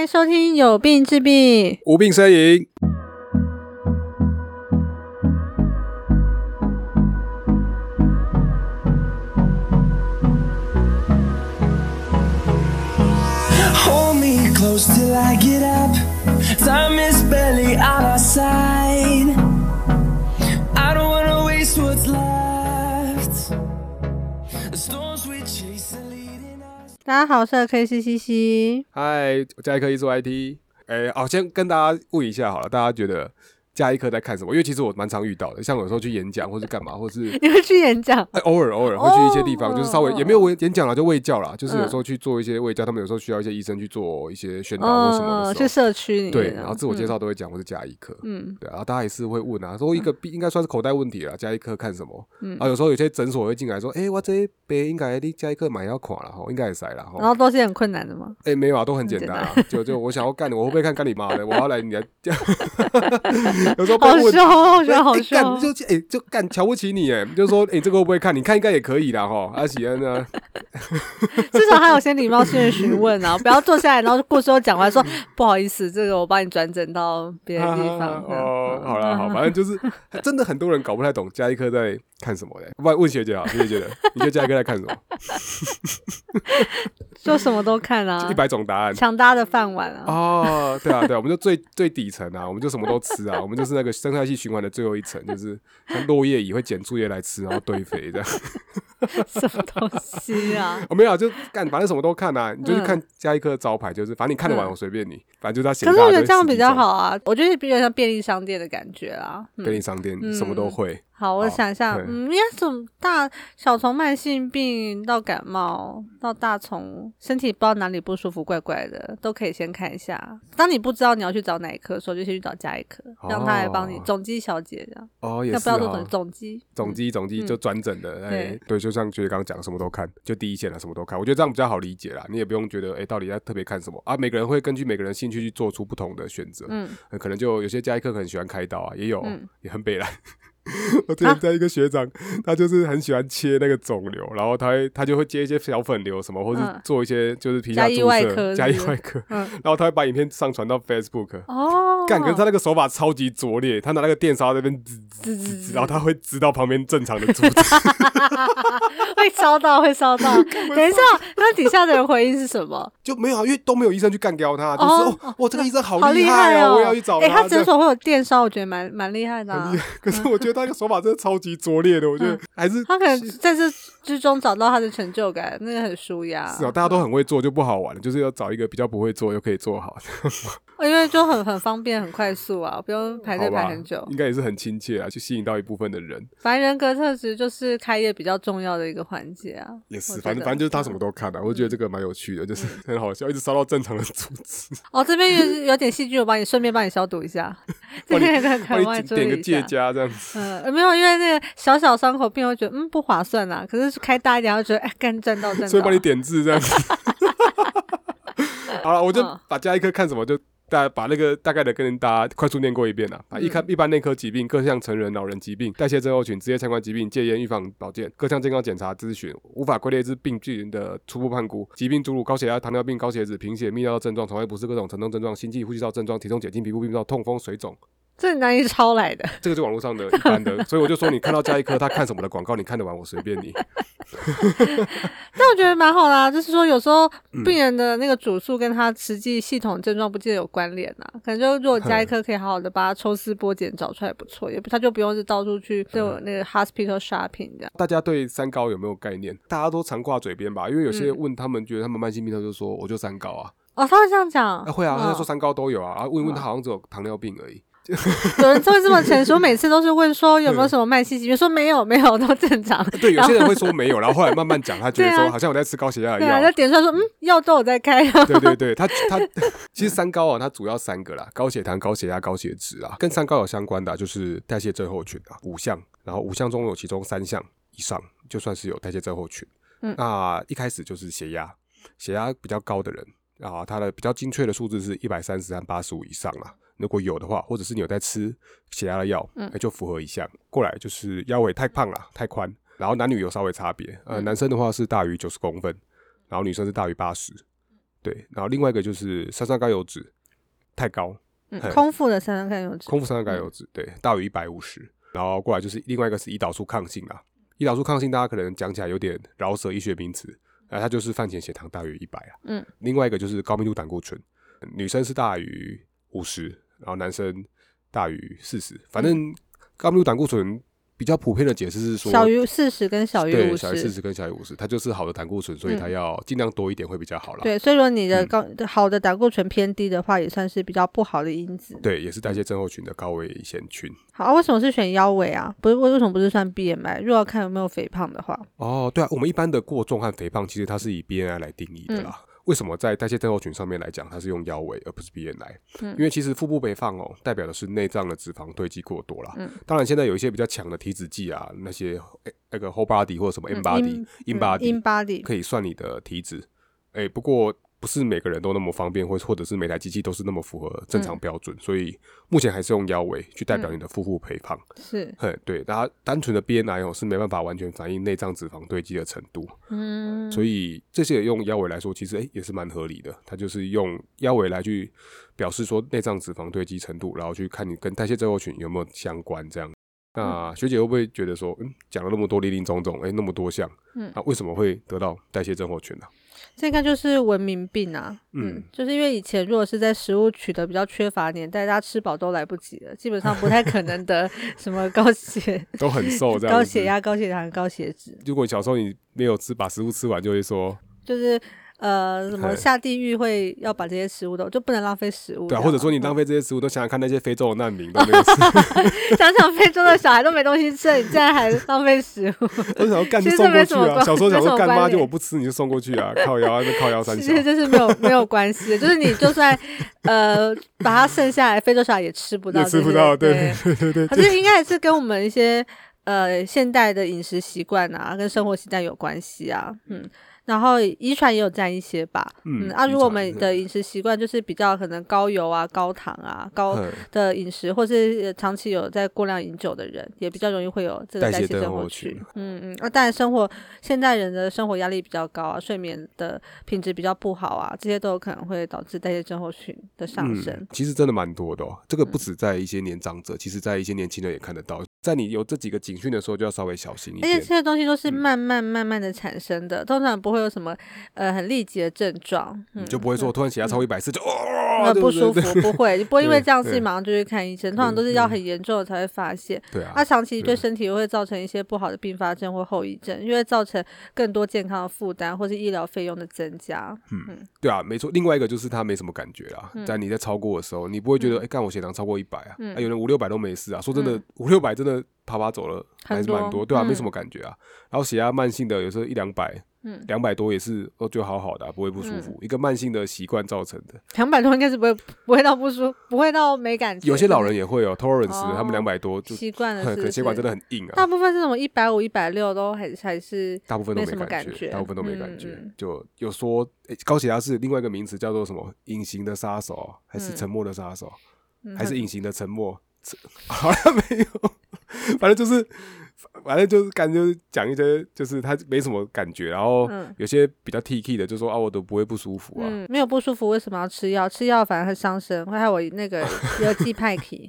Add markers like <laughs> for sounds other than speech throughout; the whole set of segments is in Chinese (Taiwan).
歡迎收聽《有病治病，無病呻吟》。啊、好，帥，可以是 C C C，嗨，我叫可以做 YT，哎、欸，哦，先跟大家問一下好了，大家覺得？家醫科在看什麼？因為其實我蠻常遇到的，像有時候去演講或是幹嘛，或是你會去演講？哎、欸，偶爾偶爾會去一些地方，喔、就是稍微也沒有演講啦，就衛教啦、嗯。就是有時候去做一些衛教，他們有時候需要一些醫生去做一些宣導或什麼、喔、去社區對，然後自我介紹都會講，我是家醫科、嗯、科，嗯，對，然後大家也是會問啊，說一個 B 應該算是口袋問題了，家醫科看什麼？啊、嗯，然後有時候有些診所會進來說，哎、欸，我這邊應該你家醫科蠻要垮了哈，應該也塞了哈，然後都是很困難的嗎？哎、欸，沒有啊，都很簡單啊，就就我想要幹我會不會幹幹你媽的？我要來你。有時候被問，好敢就哎，就敢、欸、瞧不起你哎， <laughs> 就說誒、欸、這個會不會看？你看應該也可以啦。哈。阿、啊、喜恩呢、啊？ <laughs> 至少還有些禮貌性的詢問啊， <laughs> 不要坐下來，然後故事又講完說，說 <laughs> 不好意思，這個我幫你轉診到別的地方。哦、啊啊啊，好了，好， <laughs> 反正就是真的很多人搞不太懂家醫科在看什麼的。我幫你問學姐啊，學 <laughs> 姐覺得，你覺得家醫科在看什麼？ <laughs> <laughs> <laughs> 就什麼都看啊，一百種答案，強大的飯碗啊！哦，對啊，對，啊，我們就最最底層啊，我們就什麼都吃啊， <laughs> 我們就是那個生態系循環的最後一層，就是像落葉蟻會撿樹葉來吃，然後堆肥這樣 <laughs> <laughs> 什麼東西啊？我、哦、沒有，就幹反正什麼都看啊，嗯、你就是看加一顆招牌，就是反正你看得完，我隨便你，嗯，反正就是他。可是我覺得這樣比較好啊，我覺得也比較像便利商店的感覺啊，嗯，便利商店什麼都會。嗯好，我想一下，哦、嗯，你看怎麼大小從慢性病到感冒到大從身體不知道哪裡不舒服怪怪的都可以先看一下。當你不知道你要去找哪一科的時候，所以就先去找家醫科，哦、讓他來幫你總機小姐這樣哦，也是哦，不要做總總機總機總機就轉診的哎！對，就像杰杰剛剛講，什麼都看，就第一線了，什麼都看，我覺得這樣比較好理解啦。你也不用覺得哎、欸，到底要特別看什麼啊？每個人會根據每個人興趣去做出不同的選擇，嗯，可能就有些家醫科很喜歡開刀啊，也有、嗯、也很北來。 <laughs> 我之前在一個學長、啊，他就是很喜歡切那個腫瘤，然後他會他就會切一些小粉瘤什麼，或者做一些就是皮下注射，加意外科，是不是？加意外科、嗯，然後他會把影片上傳到 Facebook。哦，感覺他那個手法超級拙劣，他拿那個電燒在那邊，然後他會滋到旁邊正常的組織。 <laughs> <laughs> <laughs> 會燒到，會燒到。 <laughs> 等一下， <laughs> 那底下的人回應是什麼？就沒有啊，因為都沒有醫生去幹掉他，哦、就是哦，哇，這個醫生好厲害，啊哦、害哦，我也要去找他。欸、他診所會有電燒， <laughs> 我覺得蠻蠻厲害的、啊害。可是我覺得他那個手法真的超級拙劣的， <laughs> 我覺得還是他可能在這。 <laughs> 之中找到他的成就感，那個很舒壓。是啊，大家都很會做就不好玩了，就是要找一個比較不會做又可以做好的呵呵。因為就很很方便、很快速啊，不用排隊排很久。應該也是很親切啊，去吸引到一部分的人。反正人格特質就是開業比較重要的一個環節啊。也是，反正反正就是他什麼都看了、啊、我覺得這個蠻有趣的、嗯，就是很好笑，一直燒到正常的組織、嗯、 <laughs> 哦，這邊有有點細菌，我幫你順便幫你消毒一下。外面的台灣桌椅。點個借家這樣子。嗯、呃，沒有，因為那個小小傷口病會覺得嗯不划算啊，可是。就是開大一點，就覺得哎，跟賺到賺到，所以幫你點字這樣子。 <laughs> <laughs> 好了，我就把加一顆看什麼，就大家把那個大概的跟大家快速念過一遍了、嗯。一開一般內科疾病，各項成人、老人疾病，代謝症候群，職業相關疾病，戒菸預防保健，各項健康檢查諮詢，無法歸類之病句的初步判估，疾病主乳高血壓、糖尿病、高血脂、貧血、泌尿症狀，腸胃不適，各種疼痛症狀，心悸、呼吸道症狀，體重減輕、皮膚病灶、痛風、水腫。這你哪裡抄來的？這個是網絡上的一般的， <laughs> 所以我就說，你看到家醫科他看什麼的廣告，你看得完我隨便你。 <laughs> <laughs> <laughs> 但我覺得蠻好啦，就是說有時候病人的那個主訴跟他實際系統症狀不見得有關聯啊、嗯，可能就如果家醫科可以好好的把他抽絲剝繭找出來，不錯，嗯、也不他就不用是到處去對我那個 hospital shopping 這樣。嗯、大家對三高有沒有概念？大家都常掛嘴邊吧？因為有些人問他們，覺得他們慢性病，他就說我就三高啊。嗯、哦，他會這樣講啊？會啊，他、哦、說三高都有啊，然、啊、問問他好像只有糖尿病而已。 <laughs> 有人會這麼成熟， <laughs> 每次都是問說有沒有什麼慢性疾病，說沒有沒有都正常。對，有些人會說沒有，然後後來慢慢講，他覺得說好像我在吃高血壓一樣。他點出來說嗯，藥都有在開啊。 <laughs> 對對對，他他其實三高啊，它主要三個啦，高血糖、高血壓、高血脂啊，跟三高有相關的、啊、就是代謝症候群啊，五項，然後五項中有其中三項以上就算是有代謝症候群。嗯，那一開始就是血壓，血壓比較高的人啊，他的比較精確的數字是一百三十和八十五以上了、啊。如果有的話，或者是你有在吃血壓的藥，嗯、欸，就符合一項。過來就是腰圍太胖了、嗯，太寬。然後男女有稍微差別，呃、嗯，男生的話是大於九十公分，然後女生是大於八十，對。然後另外一個就是三酸甘油脂太高、嗯，空腹的三酸甘油脂，空腹三酸甘油脂，對，大於一百五十。然後過來就是另外一個是胰島素抗性啊，胰島素抗性大家可能講起來有點饒舌醫學名詞，哎，它就是飯前血糖大於一百啊，嗯。另外一個就是高密度膽固醇、呃，女生是大於五十，然後男生大於四十，反正高密度膽固醇比較普遍的解釋是說小於四十跟小於五十，對，小於四十跟小於五十，它就是好的膽固醇，所以它要儘量多一點會比較好了、嗯。對，所以說你的高好的膽固醇偏低的話，也算是比較不好的因子。嗯、對，也是代謝症候群的高危險群。好、啊，為什麼是選腰圍啊？不是，為為什麼不是算 BMI？如果要看有沒有肥胖的話。哦，對啊，我們一般的過重和肥胖其實它是以 BMI 來定義的啦。嗯為什麼在代謝症候群上面來講，它是用腰圍而不是 BMI 來、嗯？因為其實腹部肥胖哦、喔，代表的是內臟的脂肪堆積過多了、嗯。當然現在有一些比較強的體脂計啊，那些那、欸、個 Whole Body 或者什麼 In Body，嗯、in, inbody, in Body，In Body 可以算你的體脂。哎、欸，不過。不是每個人都那麼方便，或或者是每台機器都是那麼符合正常標準，嗯、所以目前還是用腰圍去代表你的腹部肥胖、嗯。是，嘿，對，大家單純的 BMI 哦，是沒辦法完全反映內臟脂肪堆積的程度。嗯，所以這些用腰圍來說，其實誒、欸、也是蠻合理的。它就是用腰圍來去表示說內臟脂肪堆積程度，然後去看你跟代謝症候群有沒有相關這樣。那、嗯、學姐會不會覺得說，嗯，講了那麼多林林總總，誒、欸，那麼多項，嗯，那、啊、為什麼會得到代謝症候群呢、啊？這個就是文明病啊，嗯，嗯，就是因為以前如果是在食物取得比較缺乏年代，大家吃飽都來不及了，基本上不太可能得什麼高血 <laughs> 都很瘦這樣，高血壓、高血糖、高血脂。如果你小時候你沒有吃，把食物吃完，就會說就是。呃，什麼下地獄會要把這些食物都就不能浪費食物，對、啊，或者說你浪費這些食物，都想想看那些非洲的難民都沒有吃， <laughs> <laughs> <laughs> 想想非洲的小孩都沒東西吃， <laughs> 你竟然還浪費食物。我想要幹就送過去啊！ <laughs> 小時候想說幹媽就我不吃，你就送過去啊， <laughs> 靠腰啊，就靠腰三小。其實就是沒有沒有關係，就是你就算呃把它剩下來，非洲小孩也吃不到， <laughs> 也吃不到。對對，對對，對，可是應該還是跟我們一些呃現代的飲食習慣啊，跟生活習慣、啊、有關係啊，嗯。然後遺傳也有占一些吧，嗯，嗯啊，如果我們的飲食習慣就是比較可能高油啊、嗯、高糖啊、高的飲食，或是長期有在過量飲酒的人，也比較容易會有這個代謝症候群。群，嗯嗯啊，當然生活現代人的生活壓力比較高啊，睡眠的品質比較不好啊，這些都有可能會導致代謝症候群的上升。嗯、其實真的蠻多的，哦，這個不止在一些年長者、嗯，其實在一些年輕人也看得到。在你有這幾個警訊的時候，就要稍微小心一點。而且這些東西都是慢慢慢慢的產生的，嗯、通常不會。有什麼呃很立即的症狀？嗯、你就不會說，我突然血壓超過一百四就哦不舒服？對對對，不會，不會因為這樣子你馬上就去看醫生。通常都是要很嚴重的才會發現。對，對啊，它、啊、長期對身體又會造成一些不好的併發症或後遺症，因為造成更多健康的負擔或是醫療費用的增加。嗯，嗯對啊，沒錯。另外一個就是他沒什麼感覺啊、嗯，在你在超過的時候，你不會覺得哎，幹、嗯欸、我血糖超過一百啊、嗯、啊，有人五六百都沒事啊。說真的，嗯、五六百真的爬爬走了還是蠻多，多，對啊，沒什麼感覺啊。嗯、然後血壓慢性的有時候一兩百。嗯，兩百多也是哦，就好好的，啊，不會不舒服，嗯、一個慢性的習慣造成的。兩百多應該是不會，不會到不舒服，不會到沒感覺。有些老人也會哦、喔、 <laughs> tolerance 他們兩百多就習慣了，可血管真的很硬啊。大部分這種一百五、一百六都還還是大部分都沒感覺，大部分都沒感覺。嗯感覺嗯、就有說、欸、高血壓是另外一個名詞，叫做什麼？隱形的殺手，還是沉默的殺手、嗯，還是隱形的沉默？好、嗯、像、啊、沒有，反正就是。 <laughs> 反正就是感覺就是講一些，就是他沒什麼感覺，然後有些比較鐵齒的，就說啊我都不會不舒服啊。嗯，沒有不舒服為什麼要吃藥？吃藥反而會傷身，會害我那個腰子歹去，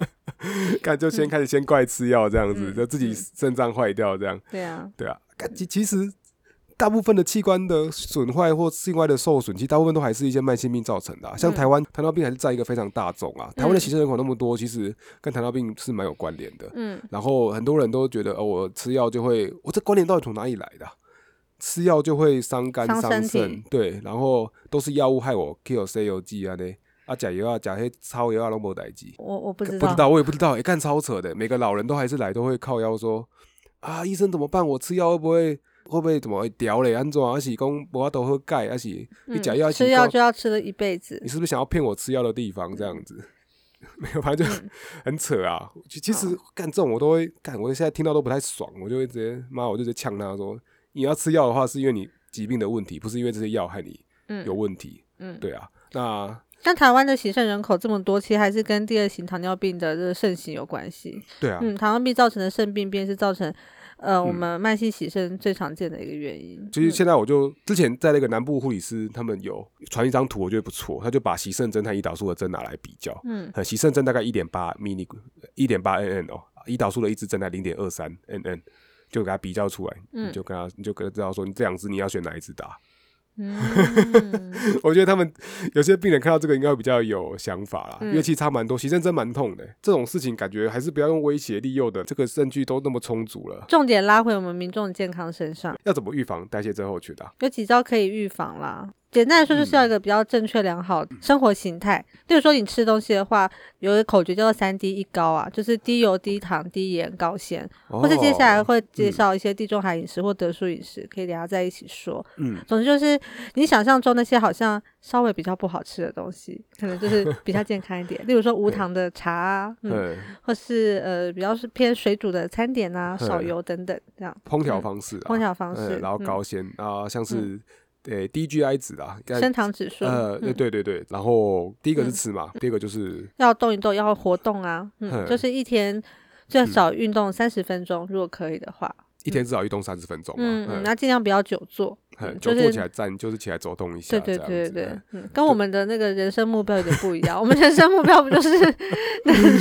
看就先開始先怪吃藥這樣子，嗯、就自己腎臟壞掉這樣，嗯嗯、對啊，對啊，看其其實。大部分的器官的損壞或性外的受損，其實大部分都還是一些慢性病造成的、啊。像台灣、嗯、糖尿病還是佔一個非常大宗啊。台灣的洗腎人口那麼多，嗯、其實跟糖尿病是蠻有關聯的。嗯，然後很多人都覺得，哦，我吃藥就會，我這關聯到底從哪裡來的、啊？吃藥就會傷肝傷腎，對，然後都是藥物害我，Q C U G 啊，呢，啊甲油啊，甲黑超油啊，攏無代誌。我不知道，不知道我也不知道，也、欸、幹超扯的。每個老人都還是來都會靠腰說，啊，醫生怎麼辦？我吃藥會不會？會不會怎麼會掉嘞？安裝而且供不要都喝鈣，而且你假藥吃藥、嗯、就要吃了一輩子。你是不是想要騙我吃藥的地方這樣子？嗯、 <laughs> 沒有，反正就很扯啊。其實乾、嗯、這種我都會乾，我現在聽到都不太爽，我就會直接媽，我就直接嗆他說：你要吃藥的話，是因為你疾病的問題，不是因為這些藥害你。嗯，有問題。嗯，對啊。那像台灣的洗腎人口這麼多，其實還是跟第二型糖尿病的這個盛行有關係。對啊。嗯，糖尿病造成的腎病變是造成。.呃，我們慢性洗腎最常見的一個原因。其、嗯、實，現在我就之前在那個南部護理師，他們有傳一張圖，我覺得不錯，他就把洗腎針和胰島素的針拿來比較，嗯，嗯，洗腎針大概一點八迷你一點八 N N 哦，胰島素的一支針在零點二三 N N，就給他比較出來，嗯，就跟他你就跟他知道說，你這兩支你要選哪一支打。嗯， <laughs> 我覺得他們有些病人看到這個應該會比較有想法啦，因為、嗯、其實差蠻多，其實真蠻痛的。這種事情感覺還是不要用威脅利誘的，這個證據都那麼充足了。重點拉回我們民眾的健康身上，要怎麼預防代謝症候群的、啊？有幾招可以預防啦。簡單來說就是要一個比較正確良好生活型態、嗯。例如說你吃東西的話，有一個口訣叫做“三低一高”啊，就是低油、低糖、低鹽、高纖、哦。或是接下來會介紹一些地中海飲食或得舒飲食、嗯，可以兩家在一起說。嗯。總之就是你想象中那些好像稍微比較不好吃的東西，嗯、可能就是比較健康一點。 <laughs> 例如說無糖的茶啊，對、嗯。或是呃比較是偏水煮的餐點吶、啊，少油等等這樣。烹調方，啊嗯啊、方式。烹調方式。然後高纖、嗯、啊，像是、嗯。嗯對，DGI 值啦，升指啊，升糖指數。呃，嗯、對對對，然後第一個是吃嘛，嗯、第二個就是要動一動，要活動啊，嗯嗯、就是一天最少運動三十分鐘，嗯、如果可以的話。一天至少運動三十分鐘嘛，嗯，那、嗯、盡、啊、量不要久坐，嗯嗯就是、久坐起來站就是起來走動一下，對對對對嗯，對跟我們的那個人生目標有點不一樣，我們人生目標不就是能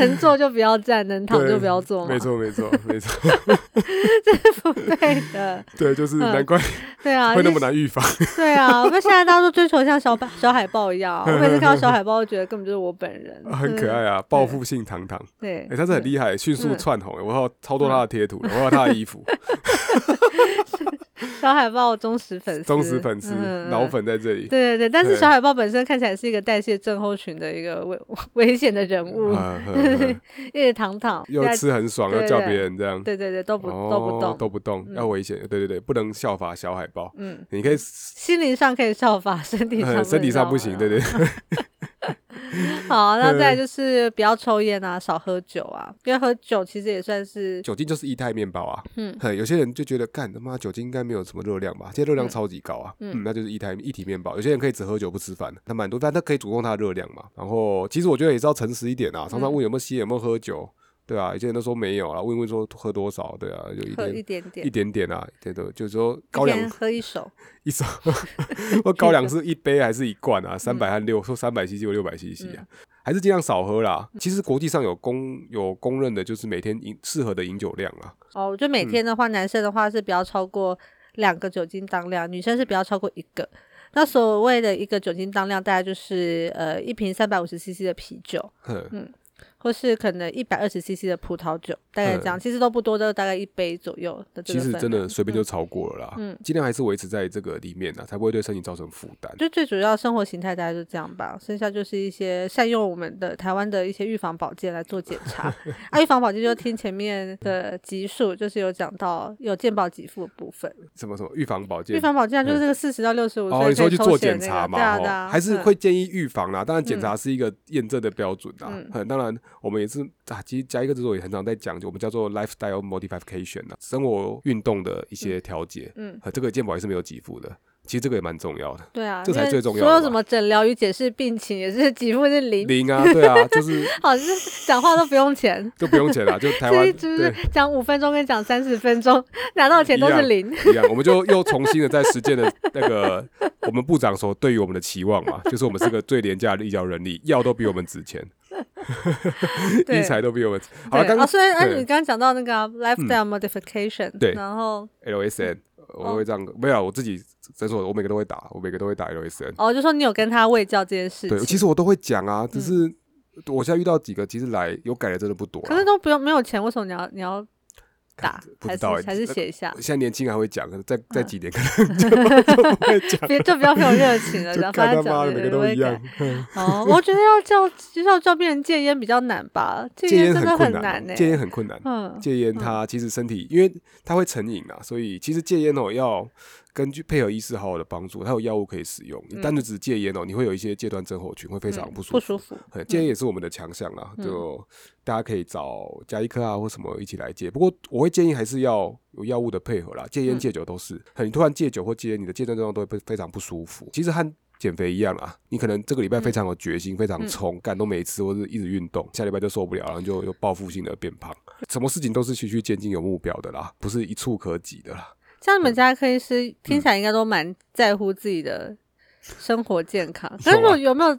<laughs> 能坐就不要站，能躺就不要坐嗎？沒錯沒錯 <laughs> 沒錯錯， <laughs> 這是不對的，對，就是難怪、嗯，對啊，會那麼難預防，對啊，我們現在大家都追求像小小海豹一樣、喔嗯，我每次看到小海豹，覺得根本就是我本人，很可愛啊，報、嗯、復性堂堂，對，哎、欸，他是很厲害，迅速竄紅、欸嗯，我看到，超多他的貼圖、欸嗯，我看到，他一。衣服，小海豹忠實粉絲，忠實粉絲、嗯，腦粉在這裡。對對對，但是小海豹本身看起來是一個代謝症候群的一個危危險的人物，因、嗯、為、 <laughs> 嗯嗯、 <laughs> 糖糖又吃很爽，又叫別人這樣，對對對，對，都不、哦、都不動都不動、嗯，要危險。對對對，不能效法小海豹。嗯，你可以心靈上可以效法，身體上、嗯、身體上不行。啊、對對。 <laughs> <laughs> <laughs> 好，那再來就是不要抽菸啊、嗯，少喝酒啊。因為喝酒其實也算是酒精，就是液態麵包啊。嗯，有些人就覺得，幹，他媽酒精應該沒有什麼熱量吧？這些熱量超級高啊。嗯，嗯，那就是液態，一體麵包。有些人可以只喝酒不吃飯，那蠻多，但他可以主動他的熱量嘛。然後，其實我覺得也是要誠實一點啊，常常問有沒有吸菸，有沒有喝酒。嗯對啊，有些人都說沒有啊，問一問說喝多少？對啊，有一點一點點，一點點啊，對對，就說高粱喝一手， <laughs> 一手首，我 <laughs> <laughs> 高粱是一杯還是一罐啊？三百還是六，說三百 C C 或六百 cc 啊，還是盡量少喝啦。嗯、其實國際上有公有公認的，就是每天飲適合的飲酒量啊。哦，就每天的話、嗯，男生的話是不要超過兩個酒精當量，女生是不要超過一個。嗯、那所謂的一個酒精當量，大概就是呃一瓶三百五十 cc 的啤酒，嗯。或是可能一百二十 cc 的葡萄酒，大概這樣、嗯，其實都不多，都大概一杯左右的。其實真的隨便就超過了啦，嗯，盡量還是維持在這個裡面呢、嗯，才不會對身體造成負擔。就最主要生活形態大概就這樣吧，剩下就是一些善用我們的台灣的一些預防保健來做檢查。 <laughs> 啊，預防保健就聽前面的集數、嗯，就是有講到有健保給付的部分。什麼什麼預防保健？預防保健就是這個四十到六十五歲、那個哦、你說去做檢查嘛、那個啊哦嗯，還是會建議預防啦、啊。當然檢查是一個驗證的標準啦、啊嗯嗯，嗯，當然。我們也是啊，其實加一個診所也很常在講，我們叫做 lifestyle modification、啊、生活運動的一些調節。嗯，和、啊、這個健保也是沒有給付的。其實這個也蠻重要的。對啊，這才最重要的。所有什麼診療與解釋病情也是幾乎是零零啊，對啊，就是。 <laughs> 好是講話都不用錢， <laughs> 就不用錢啊。就台灣就是講五分鐘跟講三十分鐘拿到錢都是零一樣，一樣。我們就又重新的在實踐的那個 <laughs> 我們部長所對於我們的期望嘛，就是我們是個最廉價的醫療人力，藥都比我們值錢。一 <laughs> 猜都不用。好了，剛、啊、雖然哎，你剛剛講到那個、啊嗯、lifestyle modification，對，然後 l s n、嗯、我都會這樣、哦，沒有，我自己再說，我每個都會打，我每個都會打 l s n 哦，就說你有跟他衛教這件事，對，其實我都會講啊，只是我現在遇到幾個，其實來有改的真的不多、啊。可是都不用沒有錢，為什麼你要你要？打不還是寫一下、呃。現在年輕還會講，可能再再幾年可能就 <laughs> 不會講 <laughs> 就比較沒有熱情了。講 <laughs> 看他媽的，每個都一樣。對對對 <laughs> 哦、我覺得要叫， <laughs> 要叫別人戒菸比較難吧。戒菸真的很難，戒菸很困難。嗯，戒菸他其實身體，嗯、因為他會成癮啊，所以其實戒菸我要。根據配合醫師好好的幫助，他有藥物可以使用。你單只是只戒菸哦、喔嗯，你會有一些戒斷症候群，會非常不舒服。不舒服，戒菸也是我們的強項啦、嗯，就大家可以找家醫科啊或什麼一起來戒、嗯。不過我會建議還是要有藥物的配合啦，戒菸戒酒都是。很、嗯、突然戒酒或戒菸，你的戒斷症狀都會非常不舒服。其實和減肥一樣啊，你可能這個禮拜非常有決心，嗯、非常衝，敢、嗯、都沒吃或是一直運動，下禮拜就受不了，然後就又報復性的變胖。 <laughs> 什麼事情都是循序漸進，有目標的啦，不是一蹴可及的啦。像你們家的科醫師聽起來應該都蠻在乎自己的生活健康，可是有沒有？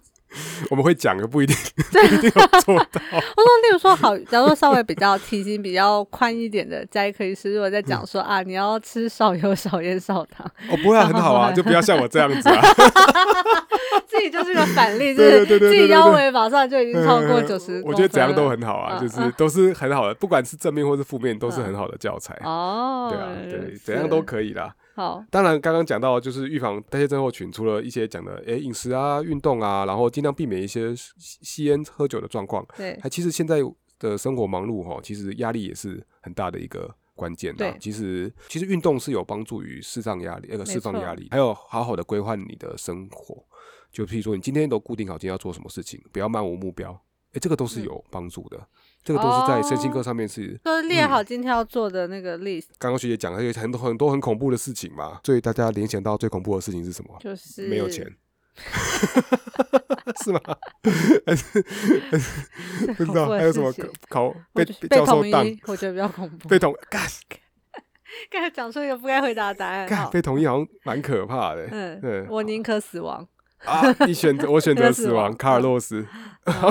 我們會講個不一定，不一定有做到。 <laughs> 我說，例如說，好，假如說稍微比較體型 <laughs> 比較寬一點的家醫科醫生如果在講說啊，你要吃少油、少鹽、少糖，哦，不會啊，很好啊， <laughs> 就不要像我這樣子啊， <laughs> <laughs> <laughs> 自己就是個反例，就是自己腰圍馬上就已經超過九十， <laughs> 我覺得怎樣都很好啊，就是都是很好的，不管是正面或是負面，都是很好的教材哦。對啊對，對，怎樣都可以啦。好，當然，剛剛講到就是預防代謝症候群，除了一些講的，哎，飲食啊，運動啊，然後盡量避免一些吸煙、喝酒的狀況。對，其實現在的生活忙碌哈、哦，其實壓力也是很大的一個關鍵。對，其實其實運動是有幫助於釋放壓力，那個釋放壓力，還有好好的規劃你的生活，就譬如說你今天都固定好今天要做什麼事情，不要漫無目標，哎，這個都是有幫助的。嗯這個都是在身心科上面是，哦，都是列好今天要做的那個 list，嗯。剛剛學姐講了有很多很多很恐怖的事情嘛，所以大家聯想到最恐怖的事情是什麼？就是沒有錢， <laughs> <laughs> 是嗎？ <laughs> <laughs> <laughs> 是 <laughs> <laughs> <laughs> <laughs> 不知道還有什麼 <laughs> 可考被，被教授當？我覺得比較恐怖。 <laughs> 被同統意一，剛 <laughs> 才講出一個不該回答的答案。 <laughs> 被同意好像蠻可怕的。 <laughs> 嗯，嗯，我寧可死亡。 <laughs> 啊！你選擇我選擇死亡，卡爾洛斯、嗯 <laughs> 嗯好 <laughs> 啊。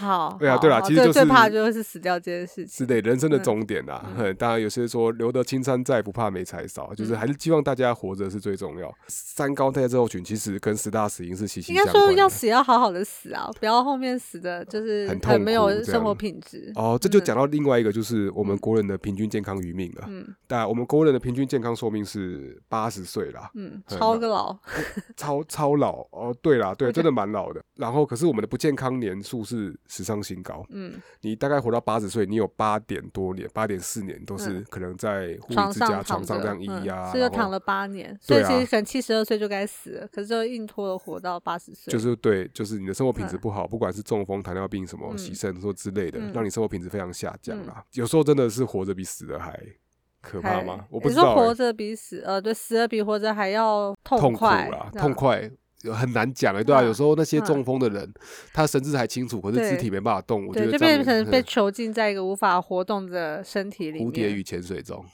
好，對啊，對啊，其實就是最，最怕的就是死掉這件事情。是的，人生的終點啊。嗯嗯、當然，有些人說留得青山在，不怕沒柴燒、嗯，就是還是希望大家活着是最重要。嗯、三高代謝症候群，其實跟十大死因是息息相關的。應該說要死要好好的死啊，不要後面死的就是很沒有生活品質、嗯。哦，這就講到另外一個就是我們國人的平均健康餘命了。嗯，對、嗯、我們國人的平均健康壽命是八十歲了。嗯，超個老，嗯、超超老。 <laughs> 老哦、呃，對啦，對，okay. 真的蠻老的。然後，可是我們的不健康年數是史上新高。嗯，你大概活到八十歲，你有八點多年，八點四年都是可能在護理之家床上，床上這樣一呀、啊，所、嗯、以躺了八年。對、啊、所以其實可能七十二歲就該死，可是就硬拖了活到八十歲。就是對，就是你的生活品質不好，嗯、不管是中風、糖尿病什麼、洗腎說之類的、嗯，讓你生活品質非常下降啦。嗯、有時候真的是活着比死了還可怕嗎？我不知道、欸、你說活着比死呃，對，死了比活着還要痛快痛苦啦，痛快。很難講哎、欸嗯，對啊，有時候那些中風的人，嗯、他神智還清楚，可是肢體沒辦法動。我覺得這我就變成被囚禁在一個無法活動的身體裡面。蝴蝶與潛水中，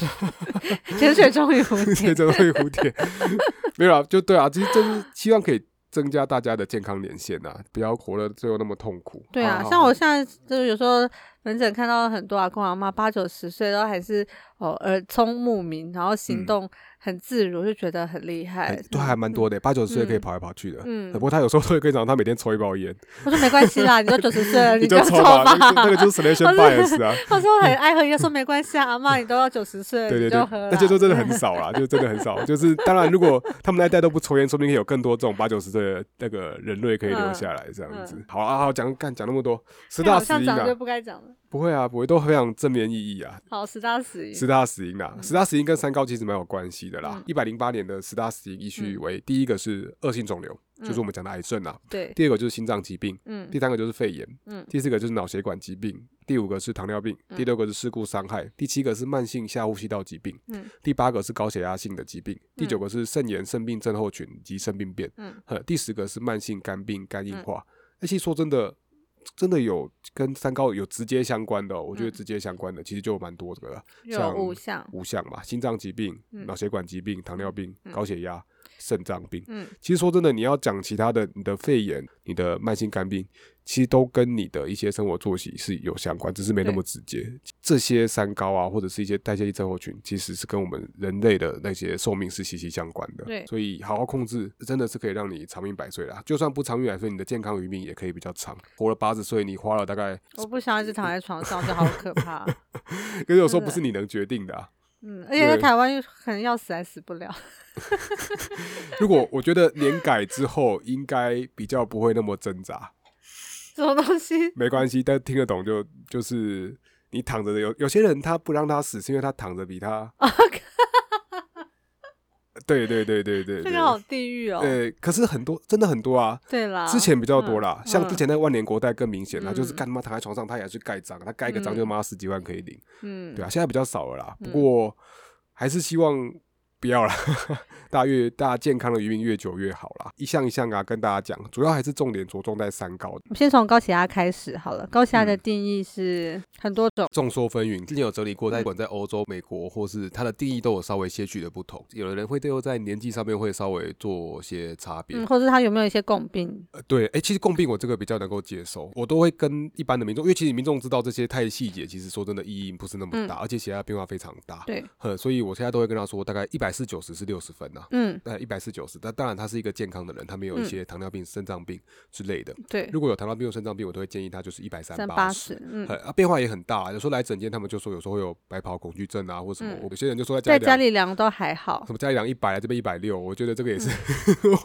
潛 <laughs> 水中與蝴蝶， <laughs> 蝴蝶 <laughs> 沒有啊，就對啊，其實這是希望可以增加大家的健康年限啊，不要活了最後那麼痛苦。對啊，啊像我現在就有時候。門診看到很多阿公阿媽八九十歲都還是哦耳聰目明，然後行動很自如，嗯、就覺得很厲害、嗯。對，還蠻多的、嗯，八九十歲可以跑來跑去的。嗯。不過他有時候會跟我講，他每天抽一包菸。我說沒關係啦， <laughs> 你都九十歲了，你就抽吧。 <laughs> 那，你就抽吧 <laughs> 那個就是 selection bias 啊。他說很愛喝一個 <laughs> 說沒關係啊，阿媽你都要九十歲了 <laughs> 對對對對，你就喝。那就說真的很少啦，就真的很少。 <laughs> 就是當然，如果他們那代都不抽菸， <laughs> 說不定有更多這種八九十歲的那個人類可以留下來這樣子。嗯嗯、好啊，好講、啊，幹講那麼多，十大十講、啊欸、就不該講了。不會啊，不會，都非常正面意義啊。好，十大死因。十大死因啊，嗯、十大死因跟三高其實蠻有關係的啦。一百零八年的十大死因，依序為：第一個是惡性腫瘤、嗯，就是我們講的癌症啊。對。第二個就是心臟疾病。嗯、第三個就是肺炎、嗯。第四個就是腦血管疾病。第五個是糖尿病、嗯。第六個是事故傷害。第七個是慢性下呼吸道疾病。嗯、第八個是高血壓性的疾病。嗯、第九個是腎炎、腎病症候群及腎病變、嗯。第十個是慢性肝病、肝硬化。嗯、而且說真的。真的有跟三高有直接相關的、哦，我覺得直接相關的、嗯、其實就蠻多這個，像五項吧，心臟疾病、嗯、腦血管疾病、糖尿病、嗯、高血壓。腎臟病，嗯，其實說真的，你要講其他的，你的肺炎、你的慢性肝病，其實都跟你的一些生活作息是有相關，只是沒那麼直接。這些三高啊，或者是一些代謝症候群，其實是跟我們人類的那些壽命是息息相關的。對，所以好好控制，真的是可以讓你長命百歲啦。就算不長命百歲，你的健康餘命也可以比較長。活了八十歲，你花了大概……我不想一直躺在床上，這 <laughs> 好可怕。 <laughs> 可是有時候不是你能決定的啊。嗯，而且在台灣又可能要死還死不了。 <laughs> 如果我覺得年改之後，應該比較不會那麼掙扎。什麼東西？沒關係，但聽得懂就，就是你躺着的。有有些人他不讓他死，是因為他躺着比他。 <laughs> <laughs> 對對對對對，對，真的好地獄哦。欸！對，可是很多，真的很多啊！對啦，之前比較多啦，嗯、像之前那個萬年國代更明顯了、嗯，就是幹嘛媽躺在床上，他也要去蓋章，他蓋個章就媽十幾萬可以領。嗯，對啊，現在比較少了啦，嗯、不過還是希望。不要了，大家越大家健康的餘命越久越好啦。一項一項啊，跟大家講，主要還是重點着重在三高。我們先從高血壓開始好了。高血壓的定義是很多種，眾、嗯、說紛紜。之前有整理過，在、嗯、不管在歐洲、美國或是它的定義都有稍微些許的不同。有的人會最後在年紀上面會稍微做些差別，嗯，或是他有沒有一些共病。呃、對，哎、欸，其實共病我這個比較能夠接受，我都會跟一般的民眾，因為其實民眾知道這些太細節，其實說真的意義不是那麼大，嗯、而且血壓的變化非常大，對，所以我現在都會跟他說，大概一百。百四九十是六十分啊，嗯，那一百四九十，那當然他是一個健康的人，他沒有一些糖尿病、腎、嗯、臟病之類的。對，如果有糖尿病有腎臟病，我都會建議他就是一百三八十，嗯、啊，變化也很大。有時候來診間，他們就說有時候會有白袍恐懼症啊，或什麼。嗯、有些人就說在家，在家裡量都還好，什麼家裡量一百這邊一百六，我覺得這個也是，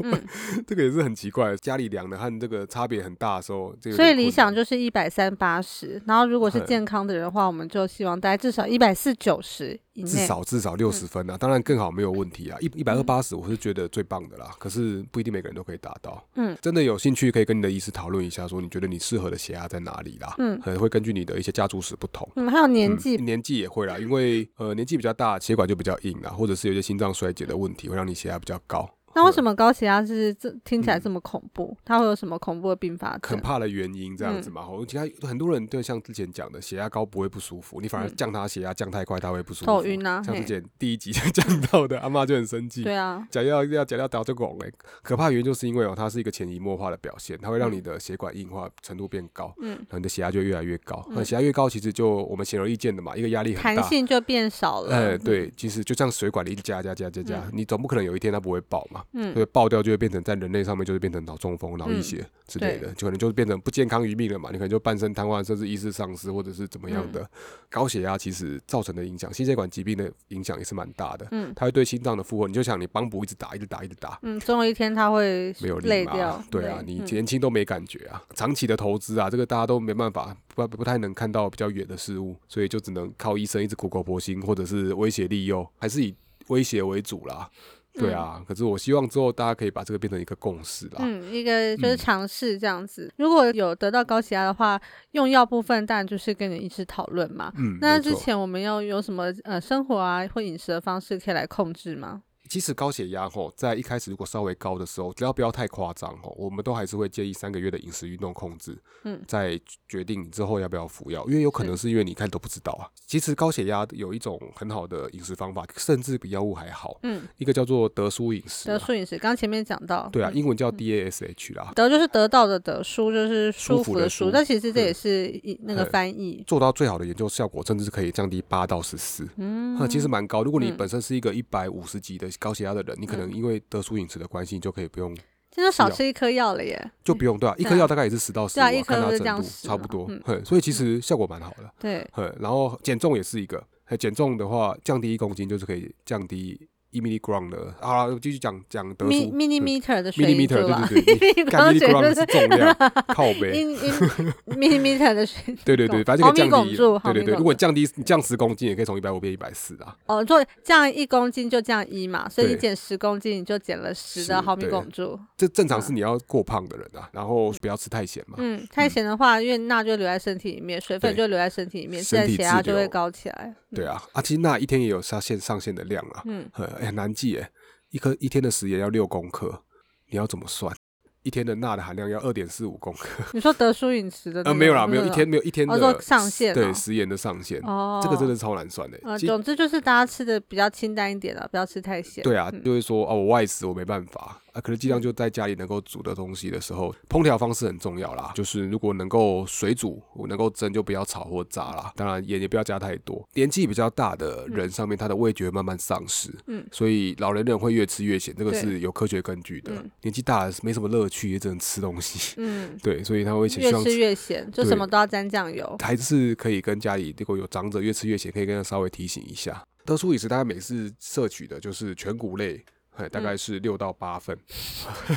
嗯、 <laughs> 這個也是很奇怪，家裡量的和這個差別很大的時候，所以理想就是一百三八十，然後如果是健康的人的話、嗯，我們就希望大家至少一百四九十至少至少六十分啊、嗯，當然更好。沒有問題啊，一一百二八十，我是覺得最棒的啦，嗯。可是不一定每個人都可以達到。嗯，真的有興趣可以跟你的醫師討論一下，說你覺得你適合的血壓在哪裡啦。嗯，可能會根據你的一些家族史不同，嗯，還有年紀，嗯、年紀也會啦，因為呃年紀比較大，血管就比較硬啦，或者是有些心臟衰竭的問題，嗯、會讓你血壓比較高。那為什麼高血壓是這聽起來這麼恐怖？嗯、它會有什麼恐怖的併發症？可怕的原因這樣子嘛？好、嗯，其實很多人都像之前講的，血壓高不會不舒服，嗯、你反而降它血壓降太快，它會不舒服，頭暈啊。像之前第一集就講到的，嗯、阿嬤就很生氣。對啊，講藥要假藥倒就拱哎。可怕的原因就是因為哦、喔，它是一個潛移默化的表現，它會讓你的血管硬化程度變高，嗯，然後你的血壓就越來越高。那、嗯、血壓越高，其實就我們顯而易見的嘛，一個壓力很大。彈性就變少了。哎、呃，對、嗯，其實就像水管一直加加加加加、嗯，你總不可能有一天它不會爆嘛。嗯，所以爆掉，就會變成在人類上面，就是變成腦中風、腦、嗯、溢血，之類的，就可能就是變成不健康餘命了嘛。你可能就半身癱瘓，甚至意識喪失，或者是怎麼樣的。嗯、高血壓其實造成的影響，心血管疾病的影響也是蠻大的。嗯，它會對心臟的負荷，你就想你幫浦一直打，一直打，一直打。嗯，總有一天它會掉沒有力嘛，累嘛。對啊，你年輕都沒感覺啊，嗯、長期的投資啊，這個大家都沒辦法，不不太能看到比較遠的事物，所以就只能靠醫生一直苦口婆心，或者是威脅利誘，還是以威脅為主啦。嗯、對啊，可是我希望之後大家可以把這個變成一個共識啦。嗯，一個就是嘗試這樣子，嗯，如果有得到高血壓的話，用藥部分當然就是跟你一起討論嘛。嗯，那之前我們要有什麼、嗯、呃生活啊或飲食的方式可以來控制嗎？其實高血壓吼，在一開始如果稍微高的時候，只要不要太誇張哦，我們都還是會建議三個月的飲食運動控制，嗯，再決定你之後要不要服藥，因為有可能是因為你看都不知道啊。其實高血壓有一種很好的飲食方法，甚至比藥物還好，嗯，一個叫做得舒飲食、啊、食。得舒飲食，剛前面講到，對啊，英文叫 DASH 啦，得、嗯、就是得到的得，得舒就是舒服的舒，舒的舒嗯、但其實這也是一那個翻譯、嗯嗯、做到最好的研究效果，甚至可以降低八到十四，嗯，那其實蠻高。如果你本身是一個一百五十幾的。高血壓的人，你可能因為得舒飲食的關係，你就可以不用，真的少吃一顆藥了耶，就不用對啊，一顆藥大概也是十到十五、啊，看它的程度，差不多、嗯，所以其實效果蠻好的，對、嗯嗯嗯，然後減重也是一個，減重的話，降低一公斤就是可以降低。milligram 的，好了，我繼續講講得出。millimeter、嗯、的水柱， <laughs> 對對對 <laughs> 你剛剛講的是重量，靠 <laughs> 我 <laughs> 唄。 <laughs> millimeter 的水柱， <laughs> 對對對，反正這個降、oh, oh, 降，哦、降低，對對對，如果降低降十公斤，也可以從一百五變一百四啊。哦，做降一公斤就降一嘛，所以你減十公斤你就減了十的毫米汞柱、嗯嗯。這正常是你要過胖的人啊，然後不要吃太鹹嘛。嗯，太鹹的話，嗯、因為鈉就留在身體裡面，水分就留在身體裡面，所以血壓就會高起來。對啊，阿奇那一天也有上限，上限的量啊，嗯，很、欸、難記耶。一顆一天的食鹽要六公克，你要怎麼算？一天的鈉的含量要二點四五公克。你說得舒飲食的、那個？呃，沒有啦，沒有一天沒有一天的上限、喔，對食鹽的上限。哦，這個真的超難算的、呃。總之就是大家吃的比較清淡一點了、啊，不要吃太鹹。對啊，嗯、就會說哦、啊，我外食我沒辦法。啊，可能盡量就在家裡能夠煮的東西的時候，嗯、烹調方式很重要啦。就是如果能夠水煮，能夠蒸，就不要炒或炸啦。嗯、當然鹽也不要加太多。年紀比較大的人上面，他的味覺慢慢喪失，嗯，所以老年人，人會越吃越鹹，這個是有科學根據的。嗯、年紀大了沒什麼樂趣，也只能吃東西，嗯，對，所以他會希望越吃越鹹，就什麼都要沾醬油。還是可以跟家裡如果有長者越吃越鹹，可以跟他稍微提醒一下。得舒飲食，他每次攝取的就是全谷類。大概是六到八份、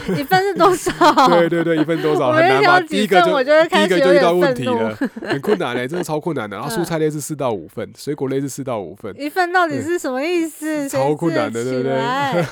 嗯 <laughs> 一份 <laughs> 對對對，一份是多少？對對對，一份多少很難吧？第一個就我就開始遇到問題了，很困難哎、欸，真、這、的、個，超困難的。然後蔬菜類是四到五份、嗯，水果類是四到五份，一份到底是什麼意思？嗯、超困難的，對不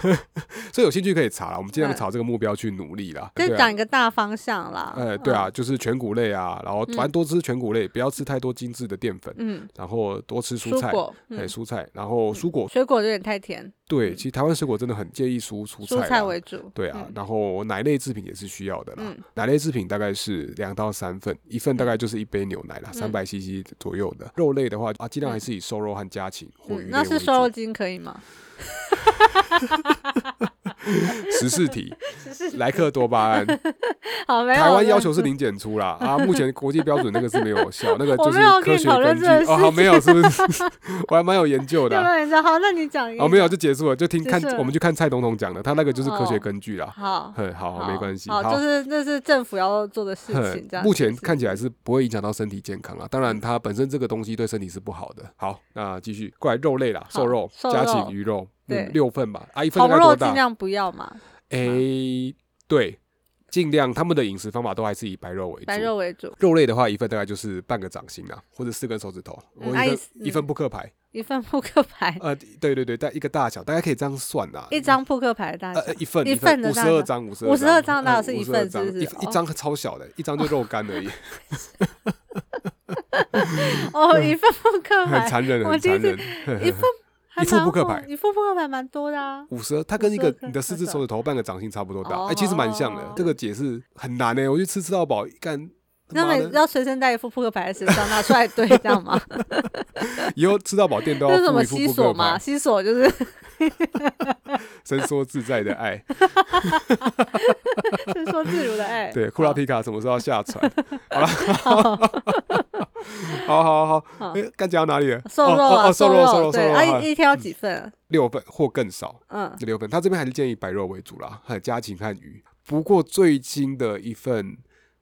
對？ <laughs> 所以有興趣可以查了，我們盡量朝這個目標去努力啦。可以講一個大方向啦。哎、啊啊嗯，對啊，就是全谷類啊，然後反正多吃全谷類、嗯，不要吃太多精致的澱粉。嗯，然後多吃蔬菜，哎、欸嗯，蔬菜，然後蔬果，嗯、水果有點太甜。對，其實台灣水果真的很建議，蔬菜蔬菜為主，對啊、嗯，然後奶類製品也是需要的啦，嗯、奶類製品大概是兩到三份，一份大概就是一杯牛奶啦，三百 CC 左右的。肉類的話啊，盡量還是以瘦肉和家禽、嗯、或魚類、嗯嗯、那是瘦肉精可以嗎？ <laughs> <laughs> <laughs> 十四題，萊克多巴胺。 <laughs> 好，沒有。台灣要求是零檢出啦。 <laughs> 啊。目前國際標準那個是沒有效， <laughs> 那個就是科學根據、哦。好，沒有，是不是？ <laughs> 我還蠻有研究的、啊有有。好，那你講一下。好、哦，沒有就結束了，就聽看是是我們去看蔡董。統講的，他那個就是科學根據啦。哦、好，好，好，沒關係。好，就是那是政府要做的事情。這樣目前看起來是不會影響到身體健康啊。當然，它本身這個東西對身體是不好的。好，那繼續過來肉類啦，瘦肉、家禽魚肉。嗯、六份吧、啊，一份好肉盡量不要嘛。哎、欸嗯，對，盡量他們的飲食方法都還是以白肉為主，白肉為主。肉類的話，一份大概就是半個掌心啊，或者四根手指頭，嗯、一份撲克牌，一份撲克牌。呃，對對對，大概一個大小，大家可以這樣算啊。一張撲克牌大概、呃、一份一份五十二張，五十二張大、嗯嗯嗯嗯、是一份是不是？是一,一張超小的、欸哦，一張就肉乾而已。哦， <laughs> <laughs> 哦一份撲克牌，呃、很殘忍，我很殘忍。一份。一副撲克牌，你副撲克牌蠻多的啊。五十，它跟一個你的四隻手指頭半個掌心差不多大，哎、哦欸，其實蠻像的、哦。這個解釋很難哎、欸，我去吃吃到飽，幹，那麼要隨身帶一副撲克牌的時，時常拿出來對，這 <laughs> 樣嗎？以後吃到飽店都要買一副撲克牌。這是什麼西索嗎？西索就是伸縮自在的愛，伸 <laughs> 縮自如的愛。對，庫拉皮卡什麼時候要下船？ <laughs> 好了。好 <laughs> <laughs> 好好好，哎，剛講到哪裡了？瘦肉啊，oh, oh, oh, 瘦肉，瘦肉，瘦肉，對瘦肉，啊，一一天要幾份，啊嗯？六份或更少，嗯，六份。他這邊還是建議白肉為主啦，呵，家禽和魚。不過最近的一份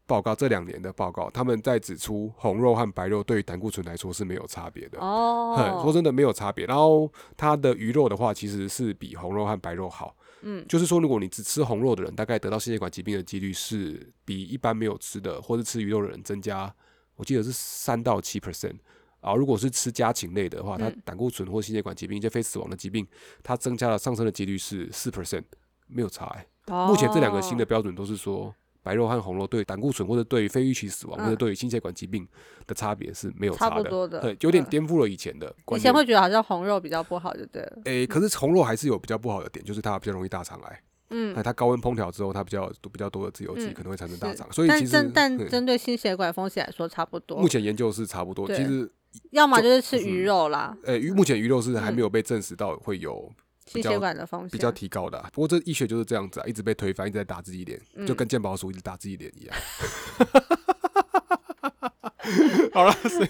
報告，這兩年的報告，他們在指出紅肉和白肉對於膽固醇來說是沒有差別的哦。呵，說真的沒有差別。然後它的魚肉的話，其實是比紅肉和白肉好，嗯，就是說如果你只吃紅肉的人，大概得到心血管疾病的幾率是比一般沒有吃的或是吃魚肉的人增加。我記得是三到七 percent 啊，如果是吃家禽類的話，它膽固醇或心血管疾病一些非死亡的疾病，它增加了上升的幾率是四 percent，沒有差、欸哦。目前這兩個新的標準都是說白肉和紅肉對膽固醇或者對於非預期死亡、嗯、或者對於心血管疾病的差別是沒有差的，差不多的對，有點顛覆了以前的、嗯。以前會覺得好像紅肉比較不好就對了，哎、欸，可是紅肉還是有比較不好的點，就是它比較容易大腸癌。嗯、哎，它高溫烹調之後，它比較比較多的自由基可能會產生大漲、嗯，所以其實但針對心血管風險來說差不多、嗯嗯。目前研究是差不多，其實要麼就是吃魚肉啦。誒、嗯欸，魚目前魚肉是還沒有被證實到會有、嗯、心血管的風險比較提高的、啊。不過這醫學就是這樣子啊，一直被推翻，一直在打自己臉、嗯，就跟健保鼠一直打自己臉一,一樣。嗯 <laughs> <laughs> 好了啦，所以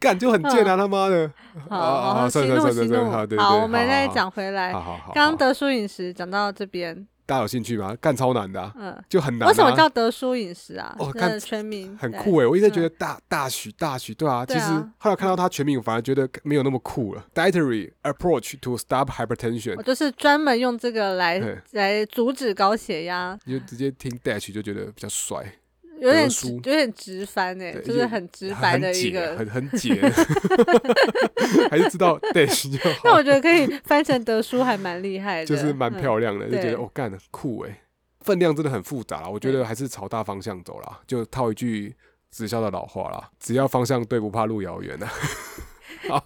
幹就很賤啊，嗯、他媽的！好，算算算算，好，好，好啊好好啊，對對對，好我們再講回來。好，好，剛剛得舒飲食講到這邊，大家有興趣嗎？幹超難的，啊，嗯，就很難，啊。為什麼叫得舒飲食啊？哦，看全名很酷哎，欸，我一直覺得大大徐大徐對、啊、對啊，其實後來看到他全名，反而覺得沒有那麼酷了。Dietary approach to stop hypertension，我就是專門用這個來、嗯、來阻止高血壓。你就直接聽 dash 就覺得比較帥。有點直，有點直翻哎、欸，就是，是很直翻的一個，很解很簡，很解 <laughs> <laughs> 還是知道，Dash 就好 <laughs> 那我覺得可以翻成得舒還蠻厲害的，就是蠻漂亮的，嗯、就覺得哦幹的酷哎、欸，分量真的很複雜啦，我覺得還是朝大方向走啦。就套一句直銷的老話啦：「只要方向對，不怕路遙遠 <laughs> 啊，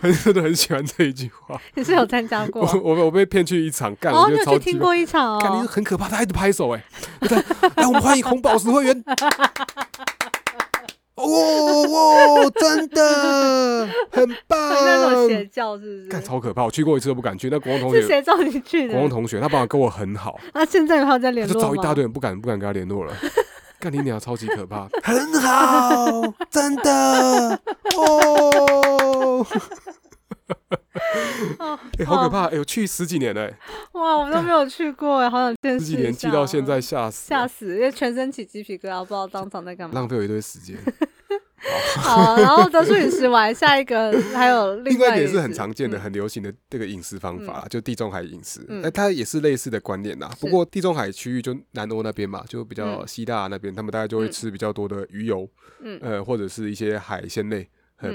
很真的很喜歡這一句話。你是有參加過？我我，我被騙去一場，幹哦，你有去聽過一場、哦？感覺很可怕，他還得拍手哎、欸。 <laughs> 來，我們歡迎紅寶石會員。 <laughs> 哦哦，真的很棒。真的是邪教是不是？幹超可怕，我去過一次都不敢去。那國光同學是誰找你去的？國光同學他爸爸跟我很好， <laughs> 那現在有沒有在聯絡？就找一大堆人不敢不敢跟他聯絡了。 <laughs> 看你鳥超級可怕， <laughs> 很好， <laughs> 真的 <laughs> 哦！哎、 <laughs> 欸，好可怕！哎、欸、我去十幾年哎、欸，哇，我都沒有去過哎、欸，好想電視十幾年記到現在，嚇死，嚇死，因為全身起雞皮疙瘩，不知道當場在幹嘛，浪費我一堆時間。 <laughs> 好，好， <laughs> 然後得舒飲食完， <laughs> 下一個還有另外一點是很常見的、很流行的這個飲食方法、嗯，就地中海飲食。那、嗯、它也是類似的觀念啦。嗯、不過地中海區域就南歐那邊嘛，就比較西大那邊、嗯，他們大概就會吃比較多的魚油，嗯，呃，或者是一些海鮮類、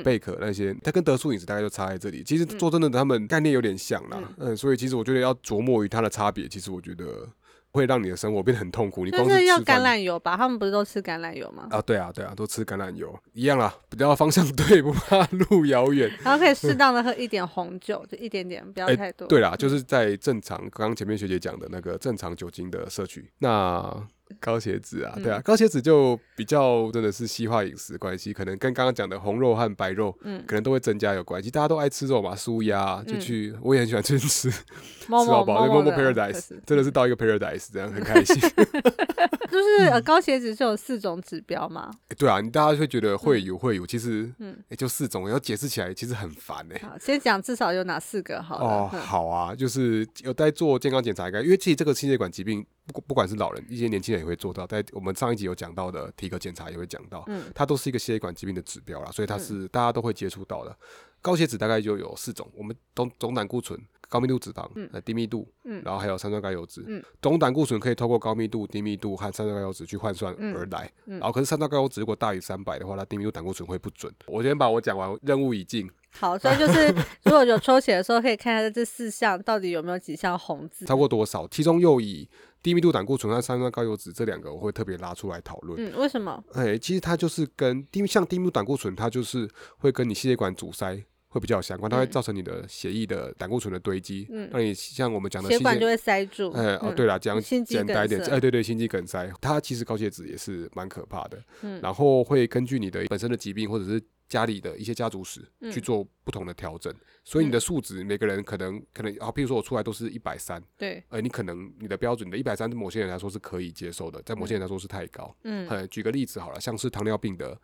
貝、嗯、殼、呃、那些。它跟得舒飲食大概就差在這裡。其實說真的，他們概念有點像啦，嗯，嗯呃、所以其實我覺得要琢磨於它的差別，其實我覺得。會讓你的生活變得很痛苦。你但是，就是要橄欖油吧，他們不是都吃橄欖油嗎？啊，對啊，對啊，都吃橄欖油一樣啊，只要方向對，不怕路遙遠。然後可以適當的喝一點紅酒， <laughs> 就一點點，不要太多。欸、對啦、嗯，就是在正常，剛剛前面學姐講的那個正常酒精的攝取，那。高血脂啊，對啊，高血脂就比較真的是西化飲食關係，可能跟剛剛講的紅肉和白肉，可能都會增加有關係。大家都愛吃肉嘛，酥鴨就去，我也很喜歡去吃，吃飽飽。就 paradise，真的是到一個 paradise，嗯、這樣很開心。 <laughs> <laughs> <noise> 嗯、高血脂就有四種指標嗎？欸、對啊，你大家會覺得會有會有，其實也、嗯欸、就四種，要解釋起來其實很煩哎、欸。好，先講至少有哪四個好。哦，好啊，就是有在做健康檢查應該，因為其實這個心血管疾病不不管是老人，一些年輕人也會做到。在我們上一集有講到的體格檢查也會講到、嗯，它都是一個心血管疾病的指標啦。所以它是大家都會接觸到的。嗯、高血脂大概就有四種，我們都總總膽固醇。高密度脂肪，呃、嗯、低密度，嗯，然後還有三酸甘油脂，嗯，總膽固醇可以透過高密度、低密度和三酸甘油脂去換算而來，嗯嗯、然後可是三酸甘油脂如果大於三百的話，它低密度膽固醇會不準。我先把我講完，任務已盡。好，所以就是 <laughs> 如果有抽血的時候，可以看一下這四項到底有沒有幾項紅字，超過多，多少？其中又以低密度膽固醇和三酸甘油脂這兩個我會特別拉出來討論。嗯，為什麼？哎，其實它就是跟低像低密度膽固醇，它就是會跟你心血管阻塞。會比較相關，它會造成你的血液的膽固醇的堆積，那、嗯、你像我們講的心血管就會塞住。哎、嗯嗯，哦，對了，講簡單一點，哎、欸，對對，心肌梗塞，它其實高血脂也是蠻可怕的、嗯。然後會根據你的本身的疾病或者是家裡的一些家族史去做不同的調整、嗯，所以你的數值、嗯、每個人可能可能啊，譬如說我出來都是一百三，對，呃，你可能你的標準的一百三對某些人來說是可以接受的，在某些人來說是太高。嗯，哎、嗯，舉個例子好了，像是糖尿病的。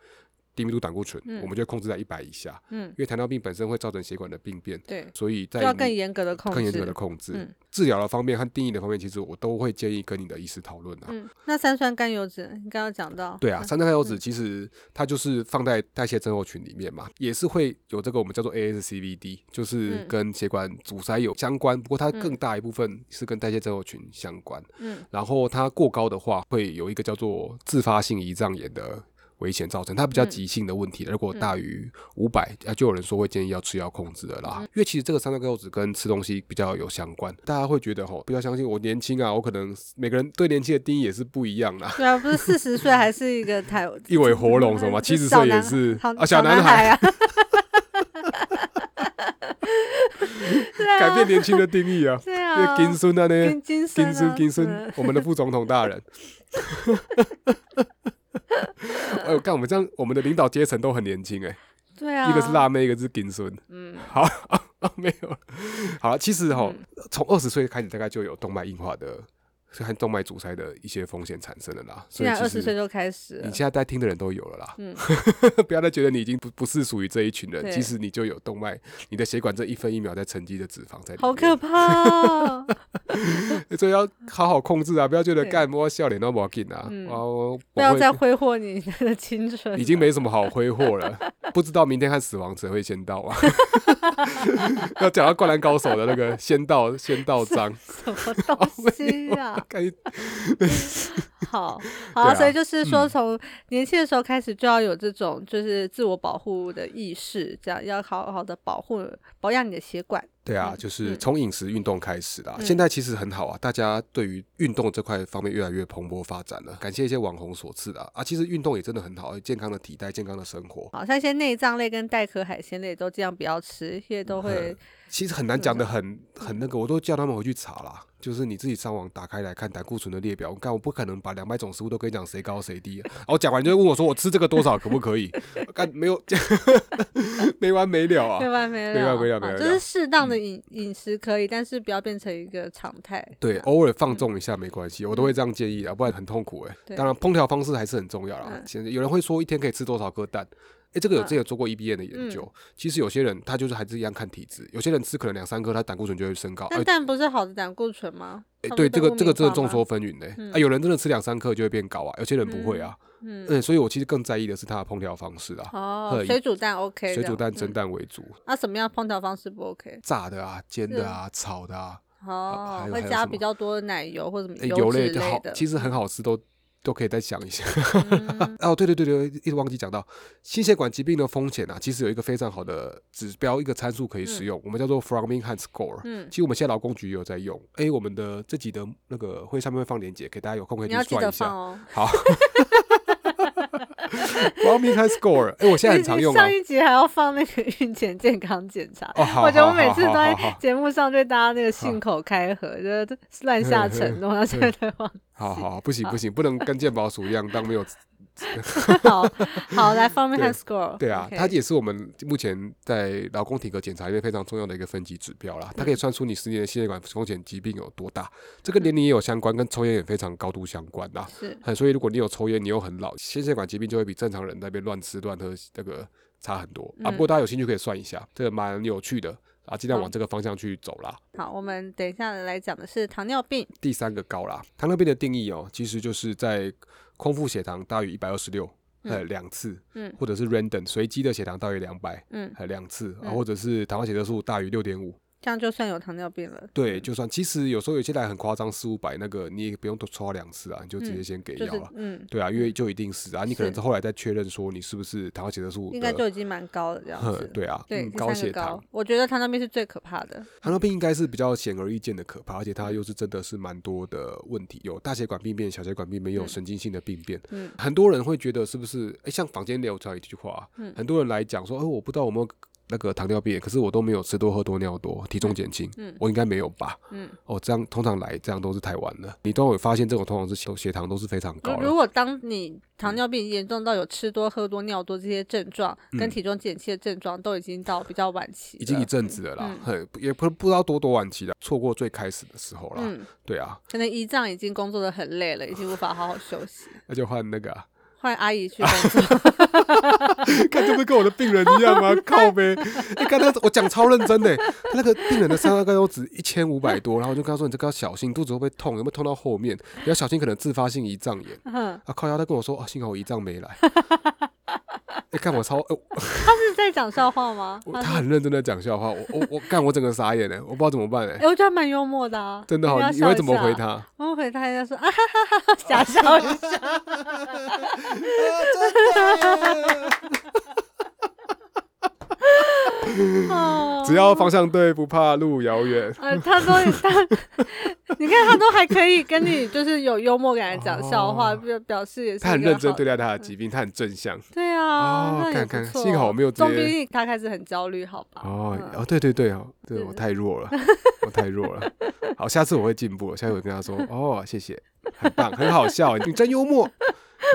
低密度膽固醇、嗯，我們就控制在一百以下。嗯，因為糖尿病本身會造成血管的病變，對，所以在更嚴格的控制。更嚴格的控制，嗯、治療的方面和定義的方面，其實我都會建議跟你的醫師討論的。那三酸甘油脂，你剛剛講到，對啊，三酸甘油脂其實它就是放在代謝症候群裡面嘛、嗯，也是會有這個我們叫做 ASCVD，就是跟血管阻塞有相關，不過它更大一部分是跟代謝症候群相關。嗯，嗯然後它過高的話，會有一個叫做自發性胰臟炎的。危險造成，它比較急性的問題。嗯、如果大於五百，就有人說會建議要吃藥控制的啦、嗯。因為其實這個三高高脂跟吃東西比較有相關。大家會覺得哦，比較相信我年輕啊，我可能每個人對年輕的定義也是不一樣啦、啊。對啊，不是四十歲還是一個太 <laughs> 一尾活龍，什麼七十歲也是啊，小男孩、啊啊、 <laughs> <laughs> 改變年輕的定義啊！對啊，金孫啊，金孫金孫金孫我們的副總統大人。 <laughs> 哎、 <laughs> 呃，幹我們這樣，我們的領導階層都很年輕哎、欸，對啊，一個是辣妹，一個是金孫，嗯，好，哦哦、沒有，好，其實哦，嗯、從二十歲開始，大概就有動脈硬化的。是看動脈阻塞的一些風險產生的啦。現在二十歲就開始，你現在在聽的人都有了啦、嗯。 <laughs> 不要再覺得你已經不不是屬於這一群人，其實你就有動脈，你的血管這一分一秒在沉積的脂肪在。好可怕、喔！ <laughs> <laughs> 所以要好好控制啊，不要覺得乾摸笑臉那麼不要緊啊。哦、嗯，不要再揮霍你的青春，已經沒什麼好揮霍了。 <laughs> 不知道明天和死亡誰會先到啊。 <laughs> <laughs> <laughs> 要講到灌籃高手的那個先到先到章 <laughs> <laughs> 什麼東西啊？ <laughs> <laughs> 可以 <laughs> <laughs> 好好、啊啊、所以就是說，從年輕的時候開始就要有這種就是自我保護的意識，這樣要好好的保護保養你的血管。對啊，就是從飲食運動開始啦、嗯。現在其實很好啊，大家對於運動這塊方面越來越蓬勃發展了，感謝一些網紅所賜啊。啊。其實運動也真的很好，健康的體態，健康的生活。好像一些內臟類跟帶殼海鮮類都儘量不要吃，因為都會。嗯其實很難講的很，很很那個，我都叫他們回去查啦。嗯、就是你自己上網打開來看膽固醇的列表。我看我不可能把兩百種食物都跟你講誰高誰低、啊。然後講完就問我說：“我吃這個多少可不可以？”幹 <laughs> 沒有， <laughs> 沒完沒了啊，沒完沒了，沒完沒了，啊、就是適當的飲飲食可以、嗯，但是不要變成一個常態。對，啊、偶爾放縱一下沒關係，我都會這樣建議啊、嗯，不然很痛苦哎、欸。當然，烹調方式還是很重要啊。其、嗯、現在有人會說一天可以吃多少顆蛋？哎，這個，這有做過 E B N 的研究、啊嗯。其實有些人他就是還是一樣看體質，嗯、有些人吃可能兩三顆他膽固醇就會升高。但蛋不是好的膽固醇嗎？哎，對，這個，這個真的眾說紛紜呢。啊、嗯，有人真的吃兩三顆就會變高啊，有些人不會啊。嗯，嗯所以，我其實更在意的是他的烹調方式啊。哦，水煮蛋 OK，水煮蛋蒸蛋為主。那、嗯啊、什麼樣烹調方式不 OK？炸的啊，煎的啊，炒的啊。哦，啊、會加，會加比較多的奶油或什麼油，油類，類的就好，其實很好吃都。都可以再講一下、嗯、 <laughs> 哦，對對對對，一直忘記講到心血管疾病的風險啊，其實有一個非常好的指標，一個參數可以使用，嗯、我們叫做 Framingham Score、嗯。其實我們現在勞工局也有在用，誒，我們的自己的那個會上面會放鏈接，給大家有空可以去算一下。哦、好。 <laughs> <laughs> 我要每天 score，哎、欸，我現在很常用、啊。上一集還要放那個孕前健康檢查、哦，好好好好好，我覺得我每次都在節目上對大家那個信口開河，就是亂下承諾，忘記。好好，不行不行、不行，不能跟健保署一樣當沒有。 <laughs> <laughs> <laughs> 好好來 Framingham Score， <laughs> 對，對啊，okay. 它也是我們目前在勞工體格檢查裡面，一個非常重要的一個分級指標啦。它可以算出你十年的心血管風險疾病有多大，嗯、這個年齡也有相關，嗯、跟抽菸也非常高度相關吶。是、嗯，所以如果你有抽菸，你又很老，心血，血管疾病就會比正常人在那邊亂吃亂喝這個差很多、嗯、啊。不過大家有興趣可以算一下，這個蠻有趣的啊，盡量往這個方向去走啦。哦、好，我們等一下來講的是糖尿病，第三個高啦。糖尿病的定義哦、喔，其實就是在。空腹血糖大於一百二十六，呃，兩次，嗯，或者是 random 隨機的血糖大於兩百，嗯，兩次，啊，或者是糖化血色素大於六點五。這樣就算有糖尿病了。對，就算其實有時候有些人很誇張，四五百那個你也不用多抽兩次啊，你就直接先給藥了嗯、就是。嗯，對啊，因為就一定是啊，是你可能在後來再確認說你是不是糖化血色素，素應該就已經蠻高了這樣子。對啊對、嗯，高血糖高，我覺得糖尿病是最可怕的。糖尿病應該是比較顯而易見的可怕，而且它又是真的是蠻多的問題，有大血管病變、小血管病沒有神經性的病變。嗯，很多人會覺得是不是？哎、欸，像坊間流傳一句話，嗯，很多人來講說，哎、欸，我不知道我們。那個糖尿病，可是我都沒有吃多喝多尿多，體重減輕，嗯，我應該沒有吧？嗯，哦，這樣通常來，這樣都是太晚了。你都會發現，這種通常是血血糖都是非常高，嗯。如果當你糖尿病嚴重到有吃多喝多尿多這些症狀，嗯、跟體重減輕的症狀都已經到比較晚期了，已經一陣子了啦，很，嗯嗯、也不不知道多多晚期了，錯過最開始的時候了。嗯，對啊，可能胰臟，已經工作的很累了，已經無法好好休息， <laughs> 那就換那個，啊，換阿姨去工作。 <laughs> <laughs> 看，這不是跟我的病人一樣嗎、啊？ <laughs> 靠唄！你、欸、看，才、那個、我講超認真的、欸，他 <laughs> 那個病人的三酸甘油酯一千五百多，然後我就跟他說：“你這個要小心，肚子會不會痛？有沒有痛到後面？你要小心，可能自發性胰臟炎。 <laughs> 啊”嗯，啊靠腰！他跟我說：“啊，幸好我胰臟沒來。 <laughs> ”哎、欸，看我超、欸我，他是在講笑話嗎？他很認真的講笑話，我我我，看我，我整個傻眼呢、欸、我不知道怎麼辦，哎、欸欸，我覺得蠻幽默的啊，真的好，你會怎麼回他？我會回他，一下說，說啊哈哈哈，哈，假笑一下。 <laughs> <laughs> <laughs> <laughs> <laughs> 啊真的 <laughs> <laughs> 只要方向對，不怕路遙遠、oh, <laughs> 呃。他都他， <laughs> 你看他都還可以跟你就是有幽默感，講笑話，表、oh, 表示也是。他很認真對待他的疾病，嗯、他很正向。對啊，oh, 那也不錯，看看，幸好我沒有。中。比他開始很焦慮，好吧？哦、oh, 哦、嗯，oh, 對對對哦，對我太弱了，我太弱了。弱了 <laughs> 好，下次我會進步了。下次我跟他說，哦、 <laughs> oh,，謝謝，很棒，很好笑， <laughs> 你真幽默。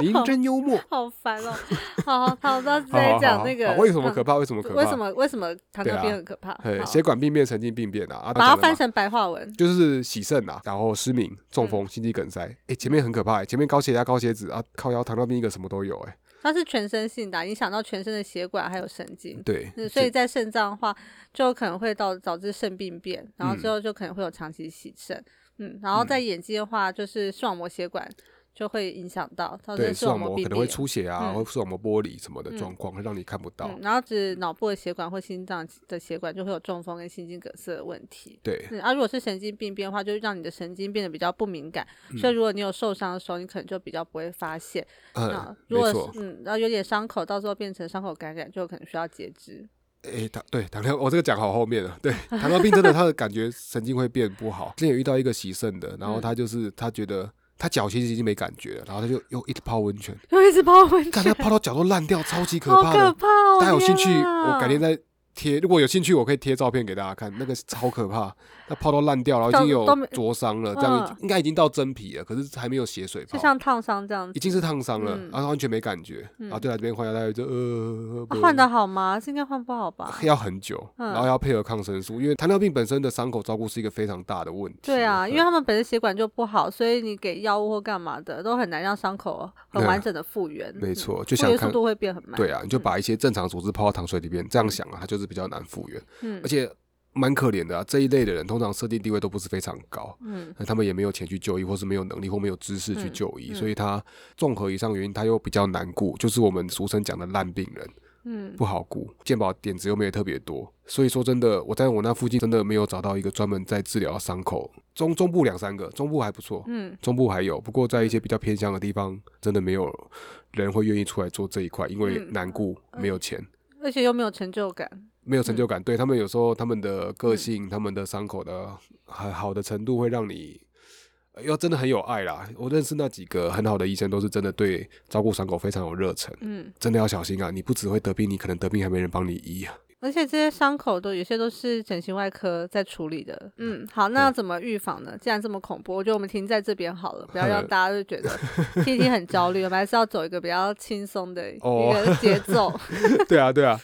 您真幽默 <laughs> 好，好煩哦、喔！好好，好我他是在講 <laughs> 好好好好那個為什麼可怕，為什麼可怕？為什麼，為什麼，為，什麼為什麼糖尿病很可怕對、啊？血管病變、神經病變啊！啊把它翻成白話文、啊，就是洗腎啊，然後失明、中風、嗯、心肌梗塞。哎、欸，前面很可怕、欸，前面高血壓、高血脂啊、靠腰糖尿病一個什麼都有、欸。哎，它是全身性的、啊，影響到全身的血管還有神經。對，所以，在腎臟的話，就可能會導導致腎病變，然後之後就可能會有長期洗腎、嗯。嗯，然後在眼睛的話，就是視網膜血管。就會影響到，對視網膜可能會出血啊，嗯、或視網膜剝離什麼的狀況，會、嗯、讓你看不到。嗯、然後只是腦部的血管或心臟的血管，就會有中風跟心肌梗塞的問題。對，那、嗯啊、如果是神經病變的話，就是讓你的神經變得比較不敏感，嗯、所以如果你有受傷的時候，你可能就比較不會發現。嗯，那如果嗯，然後有點傷口，到時候變成傷口感染，就可能需要截肢。誒、欸，糖對糖尿病，我、哦、這個講好後面了。對 <laughs> 糖尿病真的，他的感覺神經會變不好。 <laughs> 之前有遇到一個洗腎的，然後他就是、嗯、他覺得。他腳其實已經沒感覺了，然後他就又一直泡溫泉，又一直泡溫泉，看他泡，泡到腳都爛掉，超級可怕的。大家有興趣，啊、我改天再。貼，如果有興趣，我可以貼照片給大家看。那個超可怕， <laughs> 它泡到爛掉，然後已經有灼傷了，這樣應該已經到真皮了，可是還沒有血水吧。就像燙傷這樣子，已經是燙傷了、嗯，然後完全沒感覺。啊、嗯，然後對他這邊換藥，大他就呃。啊、換的好嗎？是應該換不好吧？要很久、嗯，然後要配合抗生素，因為糖尿病本身的傷口照顧是一個非常大的問題。對啊，嗯、因為他們本身血管就不好，所以你給藥物或幹嘛的都很難讓傷口很完整的復原。嗯、沒錯，就像，速度會變很慢。對啊，你就把一些正常組織泡到糖水裡邊，這樣想啊，它、嗯、就是。比較難復原、嗯，而且蠻可憐的啊。這一類的人通常設定地位都不是非常高，嗯，那他們也沒有錢去就醫，或是沒有能力或沒有知識去就醫。嗯嗯、所以，他綜合以上原因，他又比較難顧，就是我們俗稱講的爛病人，嗯，不好顧。健保點子又沒有特別多，所以說真的，我在我那附近真的沒有找到一個專門在治療傷口。中、中部兩三個，中部還不錯，嗯，中部還有。不過在一些比較偏鄉的地方，真的沒有人會願意出來做這一塊，因為難顧，沒有錢、嗯嗯，而且又沒有成就感。沒有成就感，嗯、對他們有時候他們的個性、嗯、他們的傷口的很好的程度，會讓你要、呃、真的很有愛啦。我認識那幾個很好的醫生，都是真的對照顧傷口非常有熱忱。嗯，真的要小心啊！你不只會得病，你可能得病還沒人幫你醫啊。而且這些傷口都有些都是整形外科在處理的。嗯，好，那要怎麼預防呢？嗯、既然這麼恐怖，我覺得我們停在這邊好了，不要讓大家就覺得心情、嗯、很焦慮。 <laughs> 我們還是要走一個比較輕鬆的一個節奏。Oh, <laughs> 對啊，對啊。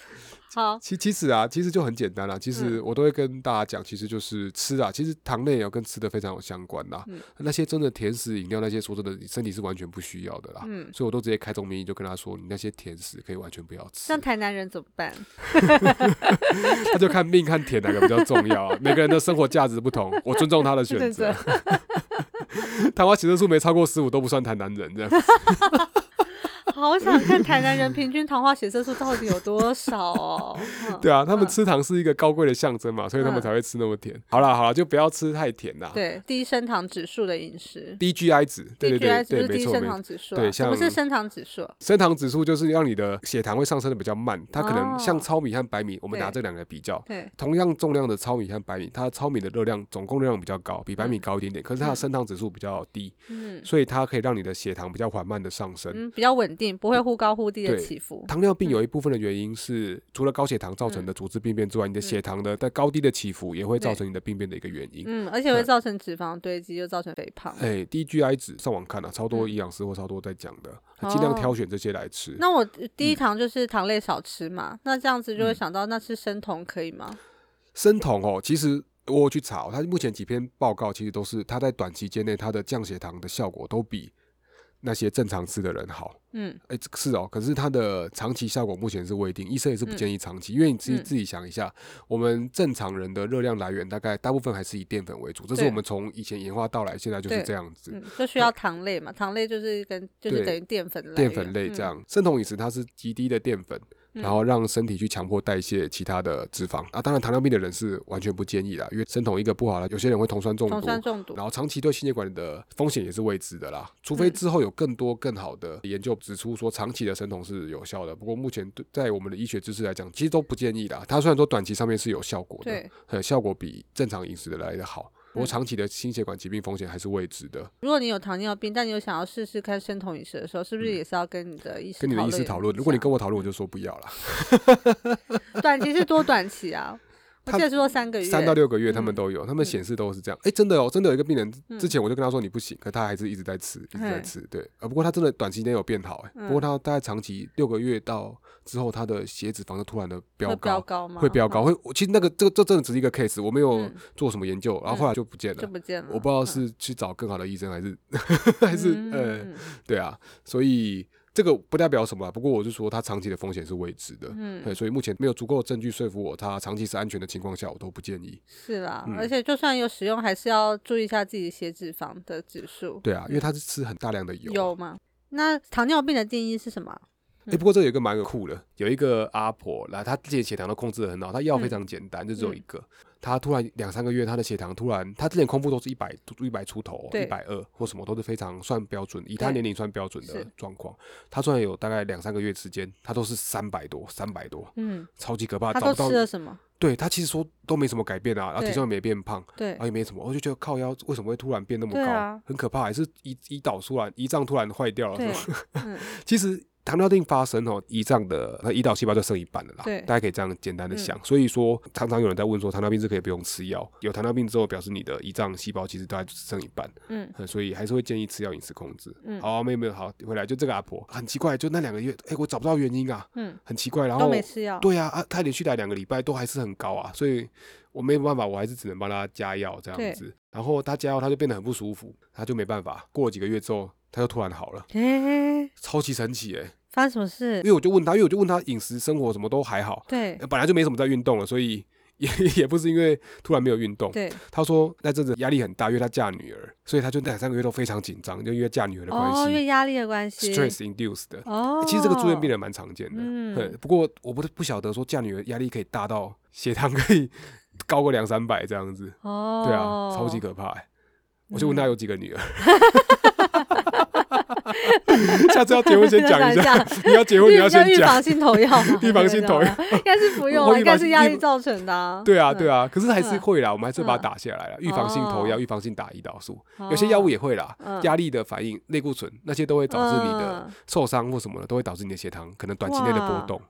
好，其其實啊，其實就很簡單啦、啊、其實我都會跟大家講，其實就是吃啊。其實糖類也、啊、跟吃的非常有相關啦、啊嗯、那些真的甜食飲料，那些說真的，身體是完全不需要的啦。嗯、所以我都直接開宗明義就跟他說，你那些甜食可以完全不要吃。那台南人怎麼辦？ <laughs> 他就看命，看甜哪個比較重要啊？ <laughs> 每個人的生活價值不同，我尊重他的選擇。糖化血色素沒超過十五都不算台南人，這樣。 <laughs> <laughs> 好想看台南人平均糖化血色素到底有多少哦、嗯！ <laughs> 對啊，他們吃糖是一個高貴的象徵嘛，所以他們才會吃那麼甜。好了好了，就不要吃太甜啦。對，低升糖指數的飲食，低 GI 值對對對，低 GI 值就是低升糖指數、啊。對，什麼是升糖指數、啊？升糖指數就是讓你的血糖會上升的比較慢。它可能像糙米和白米，我們拿這兩個比較，對。對同樣重量的糙米和白米，它糙米的熱量總共熱量比較高，比白米高一點點，可是它的升糖指數比較低。嗯，所以它可以讓你的血糖比較緩慢的上升，嗯，比較穩定。不會忽高忽低的起伏。糖尿病有一部分的原因是、嗯、除了高血糖造成的組織病變之外，你的血糖的在、嗯、高低的起伏也會造成你的病變的一個原因。嗯，嗯而且會造成脂肪堆積，就、嗯、造成肥胖。哎、欸，低 GI 值，上網看了、啊、超多營養師或超多在講的，盡、哦、量挑選這些來吃。那我低糖就是糖類少吃嘛？嗯、那這樣子就會想到，那是生酮可以嗎？嗯、生酮哦、喔，其實我去查、喔，它目前幾篇報告其實都是它在短期間內它的降血糖的效果都比。那些正常吃的人好，嗯，哎、欸，是哦？可是它的長期效果目前是未定，醫生也是不建議長期，嗯、因為你自己、嗯、自己想一下，我們正常人的熱量來源大概大部分還是以澱粉為主，這是我們從以前演化到來，現在就是這樣子，嗯、就需要糖類嘛，糖類就是跟就是等於澱粉類，澱粉類這樣，生酮飲食它是極低的澱粉。然後讓身體去強迫代謝其他的脂肪啊，當然糖尿病的人是完全不建議啦，因為生酮一個不好了，有些人會酮酸中毒，酮酸中毒。然後長期對心血管的風險也是未知的啦，除非之後有更多更好的研究指出說長期的生酮是有效的。嗯、不過目前對在我們的醫學知識來講，其實都不建議啦。它雖然說短期上面是有效果的，對，效果比正常飲食的來的好。我長期的心血管疾病風險還是未知的。如果你有糖尿病，但你又想要試試看生酮飲食的時候，是不是也是要跟你的醫師、嗯？跟你的醫師討論。如果你跟我討論，我、嗯、就說不要了。短期是多短期啊？ <laughs> 他現在說三個月，三到六個月他們都有，嗯、他們顯示都是這樣。哎、欸，真的哦、喔，真的有一個病人，之前我就跟他說你不行，可他還是一直在吃，一直在吃，對、啊。不過他真的短期內有變好、欸，哎、嗯，不過他大概長期六個月到之後，他的血脂肪就突然的飆高，會飆高，高，會。其實那個這個這真的只是一個 case，我沒有做什麼研究、嗯，然後後來就不見了，就不見了。我不知道是去找更好的醫生還是、嗯、還是， <laughs> 還是、嗯、呃，對啊，所以。這個不代表什麼、啊，不過我是說，它長期的風險是未知的、嗯，對，所以目前沒有足夠的證據說服我，它長期是安全的情況下，我都不建議。是啦，嗯、而且就算有使用，還是要注意一下自己血脂肪的指數。對啊、嗯，因為它是吃很大量的油。有嘛？那糖尿病的定義是什麼？哎、嗯欸，不過這有一個蠻有酷的，有一個阿婆，那她自己血糖都控制得很好，她藥非常簡單、嗯、就只有一個。嗯他突然兩三個月，他的血糖突然，他之前空腹都是一百一百出頭、哦、一百二或什麼都是非常算標準，以他年齡算標準的狀況，他雖然有大概兩三個月時間，他都是三百多、三百多，嗯，超級可怕。他都吃了什麼？找不到，對他其實說都沒什麼改變啊，然後體重也沒變胖，對，然後也沒什麼，我、哦、就覺得靠腰為什麼會突然變那麼高？啊、很可怕，還是胰胰島突然胰臟突然壞掉了？是吧？嗯、 <laughs> 其實。糖尿病發生後、哦、胰臟的那胰島細胞就剩一半了啦。大家可以這樣簡單的想、嗯。所以說，常常有人在問說，糖尿病是可以不用吃藥？有糖尿病之後，表示你的胰臟細胞其實都還剩一半嗯。嗯，所以還是會建議吃藥、飲食控制。嗯、好、啊，沒有沒有，好，回來就這個阿婆很奇怪，就那兩個月、欸，我找不到原因啊。嗯，很奇怪，然後都沒吃藥。對啊，他、啊、連續來兩個禮拜都還是很高啊，所以我沒有辦法，我還是只能幫他加藥這樣子。然後他加藥，他就變得很不舒服，他就沒辦法。過幾個月之後。他就突然好了，欸、超級神奇哎、欸！發生什麼事？因為我就問他，因為我就問他飲食生活什麼都還好，對，本來就沒什麼在運動了，所以也也不是因為突然沒有運動。對，他說那陣子壓力很大，因為他嫁女兒，所以他就那三個月都非常緊張，就因為嫁女兒的關係、哦，因為壓力的關係，stress induced 的哦、欸，其實這個住院病人蠻常見的、嗯嗯，不過我不是不曉得說嫁女兒壓力可以大到血糖可以高個兩三百這樣子、哦，對啊，超級可怕、欸。我就問他有幾個女兒。嗯 <laughs> <laughs> 下次要結婚先講一,一下， <laughs> 你要結婚，你要先預防性投藥，預 <laughs> 防性投藥， <laughs> 應該是不用了，應該是壓力造成的啊，對啊，對啊，對啊、嗯，可是還是會啦，嗯、我們還是會把它打下來了。預、嗯、防性投藥，預、嗯、防，防性打胰島素、嗯，有些藥物也會啦。壓、嗯、力的反應，類固醇那些都會導致你的受傷或什麼的，都會導致你的血糖可能短期內的波動。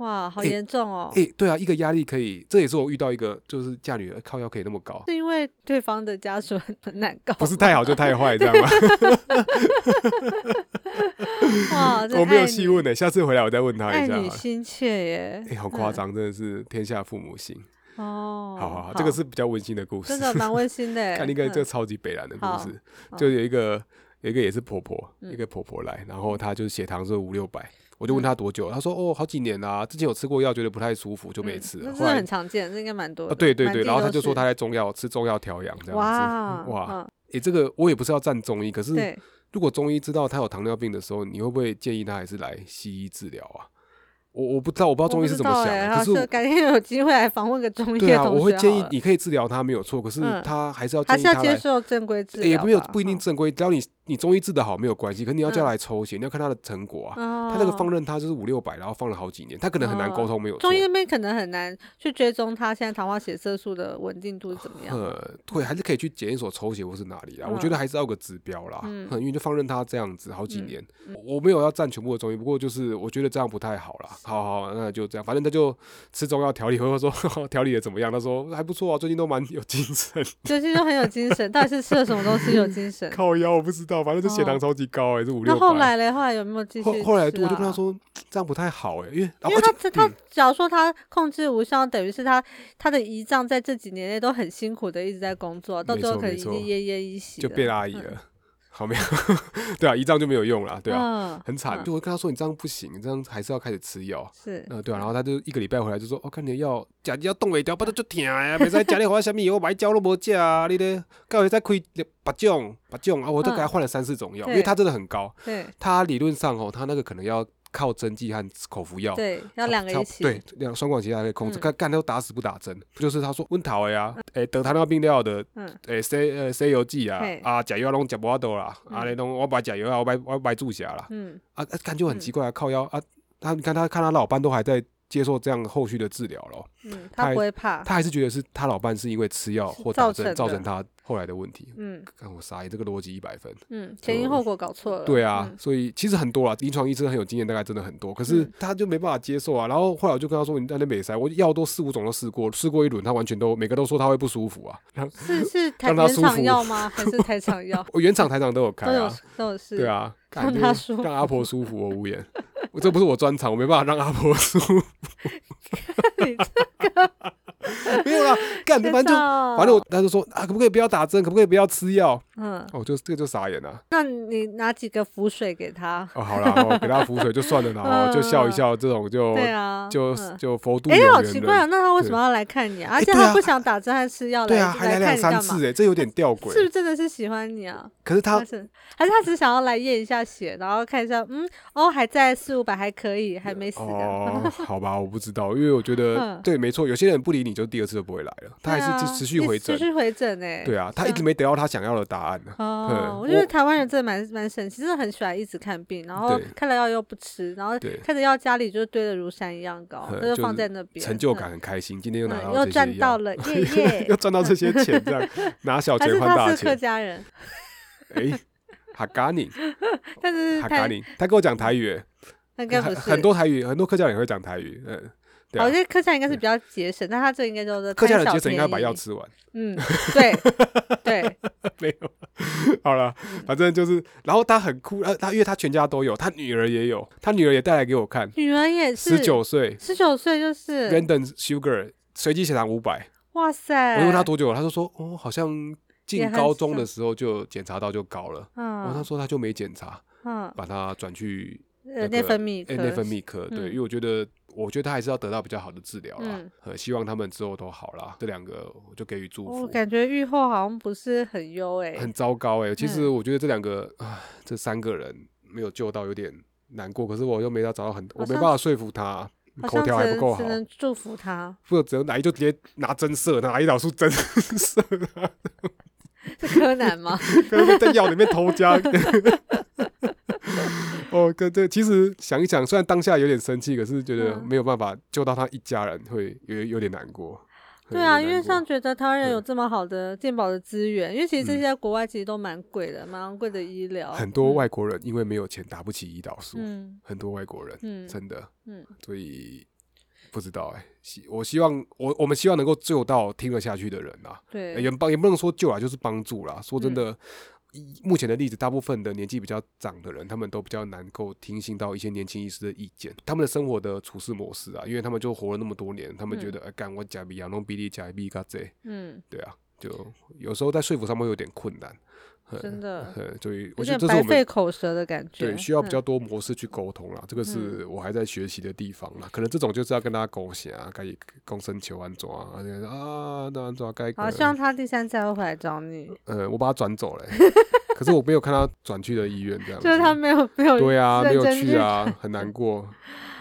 哇，好嚴重哦！哎、欸欸，對啊，一個壓力可以，這也是我遇到一個，就是嫁女兒靠腰可以那麼高，是因為對方的家屬很難搞，不是太好就太壞，這 <laughs> 樣道嗎？ <laughs> 哇我，我沒有細問呢、欸，下次回來我再問他一下。愛女心切耶，哎、欸，好誇張、嗯，真的是天下父母心哦。好好好，這個是比較溫馨的故事，真的蠻溫馨的。 <laughs> 看另一個，這個超級悲慘的故事、嗯，就有一個，有一個也是婆婆、嗯，一個婆婆來，然後她就血糖是五六百。我就問他多久，他說哦，好幾年啦，啊。之前有吃過藥，覺得不太舒服，就沒吃了。那真的很常見，這應該蠻多的，哦。對對對，然後他就說他在中藥吃中藥調養這樣子。哇，嗯，哇，誒，嗯欸，這個我也不是要戰中醫，可是如果中醫知道他有糖尿病的時候，你會不會建議他還是來西醫治療啊？我我不知道，我不知道中醫是怎麼想的。欸、可是改天有機會來訪問個中醫的同學。對啊，我會建議你可以治療他沒有錯，可是他還是要建議他還是要接受正規治療、欸，也沒有不一定正規。只、哦、要你你中醫治得好沒有關係，可是你要叫他來抽血、嗯，你要看他的成果啊。哦、他那個放任他就是五六百，然後放了好幾年，他可能很難溝通，哦、沒有錯。中醫那邊可能很難去追蹤他現在糖化血色素的穩定度怎麼樣。呃、嗯，對，還是可以去檢驗所抽血或是哪裡啊。我覺得還是要有個指標啦，嗯、可能因為就放任他這樣子好幾年、嗯嗯，我沒有要佔全部的中醫，不過就是我覺得這樣不太好啦。好好，那就這樣。反正他就吃中藥調理，他說調理的怎麼樣？他說還不錯啊，最近都蠻有精神。最近都很有精神，到底是吃了什麼東西有精神？ <laughs> 靠腰我不知道，反正這血糖超級高還、欸哦、是五六百。那後來嘞？後來有沒有繼、啊、後,後來我就跟他說，這樣不太好哎、欸，因為、哦、因為他、嗯、他假如說他控制無效，等於是他他的胰臟在這幾年內都很辛苦的一直在工作，到最後可能已經奄奄一息，就變了阿姨了。嗯後 <laughs> 面，啊，對啊，一仗就沒有用了，對啊，很慘，嗯。就我跟他說，你這樣不行，你這樣還是要開始吃藥。是，嗯、呃，對啊。然後他就一個禮拜回來就說，我、哦、看你的藥，假， <laughs> 啊、 <laughs> 吃藥痛一條，不然就痛呀，沒在吃你喝什麼藥，我白膠都無吃啊，你得趕快再開八種，八種啊，我都給他換了三、嗯、四種藥，因為他真的很高。對，他理論上哦，他那個可能要。靠針劑和口服藥，對，要兩個一起、啊、對，兩雙管齊下的控制。幹、嗯、幹都打死不打針，不就是他說溫陶呀，哎、啊嗯欸，得糖尿病要的，誒、嗯、塞、欸、呃塞油劑啊，啊，加油啊，攏食無法度啦，啊，你攏我白加油啊，我白我白注射啦，嗯，啊，感覺很奇怪啊，靠腰啊，他你看他看他老伴都還在。接受這樣後續的治療了、嗯，他不會怕他還，他還是覺得是他老伴是因為吃藥或造成造成他後來的問題。嗯，看我傻眼，這個邏輯一百分。嗯，前因後果搞錯了、呃。對啊，嗯、所以其實很多啊，臨床醫生很有經驗，大概真的很多。可是他就沒辦法接受啊。然後後來我就跟他說：“你在那邊塞，我藥都四五種都試過，試過一輪，他完全都每個都說他會不舒服啊。是”是是原廠藥嗎？還是台廠藥？我 <laughs> 原廠台廠都有開、啊，都有，都有對啊，讓他說，讓阿婆舒服、哦，我無言。 <laughs> 我 <laughs> 這不是我專長，我沒辦法讓阿婆輸。 <laughs> 你這個笑沒有啦、啊，幹，反正就反正我他就說啊，可不可以不要打針，可不可以不要吃藥？嗯，哦，就這個就傻眼了、啊。那你拿幾個符水給他？ <laughs> 哦，好了、哦，給他符水就算了啦，然後就笑一笑，這種就、嗯、就對啊，就就佛度有緣哎，好、欸哦、奇怪啊，那他為什麼要來看你啊？欸、啊而且他不想打針，還吃藥。對啊，對啊來還來兩三次，哎，這有點吊詭。是不是真的是喜歡你啊？可是他，是還是他只想要來驗一下血，然後看一下，嗯，哦，還在。四五百還可以，還沒死。哦、yeah, oh,， <laughs> 好吧，我不知道，因為我覺得、嗯、對，沒錯，有些人不理你，就第二次就不會來了。嗯、他還是持續回，持續回診哎、欸。對啊，他一直沒得到他想要的答案。嗯嗯嗯嗯嗯、我覺得、就是、台灣人真的蠻蠻、嗯、神奇，真、就、的、是、很喜歡一直看病，然後看了藥又不吃，然後看着藥家裡就堆得如山一樣高，嗯、就放在那邊。就成就感很開心，嗯、今天又拿到這些、嗯、又賺到了，耶 <laughs> 又賺到,、yeah, yeah, <laughs> 到這些錢，這樣 <laughs> 拿小錢換大錢。是他是客家人哎、 <laughs> 欸，哈嘎尼，他 <laughs> 是哈嘎尼，他跟我講台語。嗯、很多台語，很多客家人也會講台語。嗯，對啊、好，我覺得客家人應該是比較節省、嗯，但他這應該都是客家人節省，應該把藥吃完。嗯，對， <laughs> 對，沒有。好了、嗯，反正就是，然後他很酷，他因為他全家都有，他女兒也有，他女兒也帶來給我看。女兒也是，十九歲，十九歲就是 random sugar 隨機血糖五百。哇塞！我問他多久了？他就說，哦，好像進高中的時候就檢查到就高了。然後他說他就沒檢查、嗯，把他轉去。內、那個、分泌內、欸、分泌科，對、嗯，因為我覺得，我覺得他還是要得到比較好的治療啦、嗯，希望他們之後都好了，這兩個我就給予祝福。我感覺預後好像不是很優誒、欸，很糟糕哎、欸嗯。其實我覺得這兩個這三個人沒有救到，有點難過。可是我又沒他找到很，我沒辦法說服他，口條還不夠好，只能祝福他或者。哪一就直接拿針射他，胰島素針射他。 <laughs> 是柯南嗎？ <laughs> 柯南會在藥裡面投江。哦，對對，其實想一想，雖然當下有點生氣，可是覺得沒有辦法救到他一家人，會有有點、有點難過。對啊，因為像覺得他人有這麼好的健保的資源、嗯，因為其實這些在國外其實都蠻貴的，蠻貴的醫療、嗯。很多外國人因為沒有錢打不起胰島素、嗯，很多外國人，真的，嗯，嗯所以。不知道哎、欸，希我希望我我們希望能夠救到聽得下去的人啊。對，也、呃、幫也不能說救啊，就是幫助啦。說真的，嗯、目前的例子，大部分的年紀比較長的人，他們都比較難夠聽信到一些年輕醫師的意見。他們的生活的處事模式啊，因為他們就活了那麼多年，他們覺得，嗯哎、幹，我假比養弄比你假比噶這，對啊，就有時候在說服上面有點困難。真的，所以我覺得這是我們白費口舌的感覺。對，需要比較多模式去溝通了、嗯，這個是我還在學習的地方了、嗯。可能這種就是要跟他共享啊，可以共生求安裝啊？啊，那安裝該好、呃，希望他第三次又回來找你。呃，我把他轉走了， <laughs> 可是我沒有看他轉去的醫院，這樣就是他沒有沒有對啊，沒有去啊，很難過。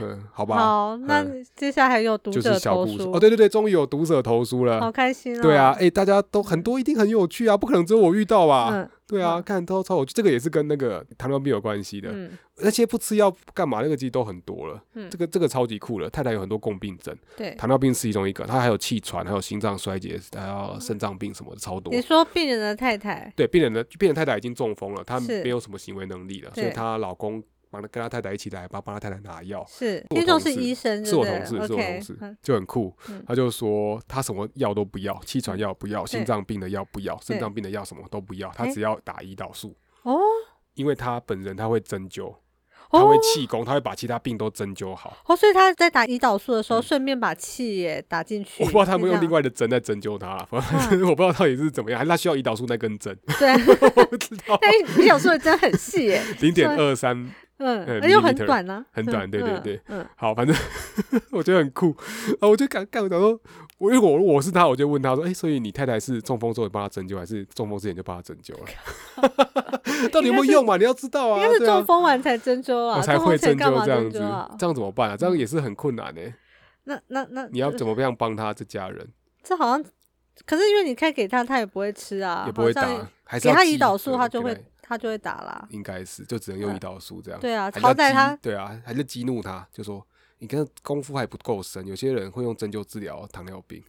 嗯， <laughs> 好吧。好，那接下來還有讀者投書、就是、小故事哦，對對對，終於有讀者投書了，好開心啊對啊，哎、欸，大家都很多，一定很有趣啊，不可能只有我遇到吧？嗯對啊，嗯、看都超，就這個也是跟那個糖尿病有關係的。那、嗯、些不吃藥幹嘛？那個其實都很多了。嗯、這個這個超級酷了。太太有很多共病症，對、嗯，糖尿病是其中一個，她還有氣喘，還有心臟衰竭，還有腎臟病什麼的，超多。嗯、你說病人的太太？對，病人的病人太太已經中風了，她沒有什麼行為能力了，所以她老公。幫他跟他太太一起來幫幫他，他太太拿藥，是聽眾是醫生，是我同事，是我同事，okay, 我同事就很酷。嗯、他就說他什麼藥都不要，氣喘藥不要，心臟病的藥不要，腎臟病的藥什麼都不要，他只要打胰島素哦、欸。因為他本人他會針灸、哦，他會氣功，他會把其他病都針灸好。哦，所以他在打胰島素的時候，順、嗯、便把氣也打進去。我不知道他們用另外的針在針灸他、啊，啊、 <laughs> 反正我不知道到底是怎麼樣，還是他需要胰島素那根針？對，胰島素的針很細耶，零點二三。嗯，那、嗯嗯嗯、又很短呢、啊，很短、嗯，對對對，嗯，嗯好，反正呵呵我覺得很酷啊，我就感感覺講說，我如果我是他，我就問他說，哎，所以你太太是中風之後幫他針灸，還是中風之前就幫他針灸了？ <laughs> 到底有沒有用嘛？你要知道啊，應該是中風完才針灸啊，我、啊、才會針灸這樣子，這樣怎麼辦啊？這樣也是很困難呢、欸。那那那，你要怎麼樣幫他這家人？這好像可是因為你開給他，他也不會吃啊，也不會打，給他胰島素他就會。他就會打啦，應該是就只能用胰島素這樣對。對啊，還在他對啊，還是激怒他，就說你跟他功夫還不夠深。有些人會用針灸治療糖尿病，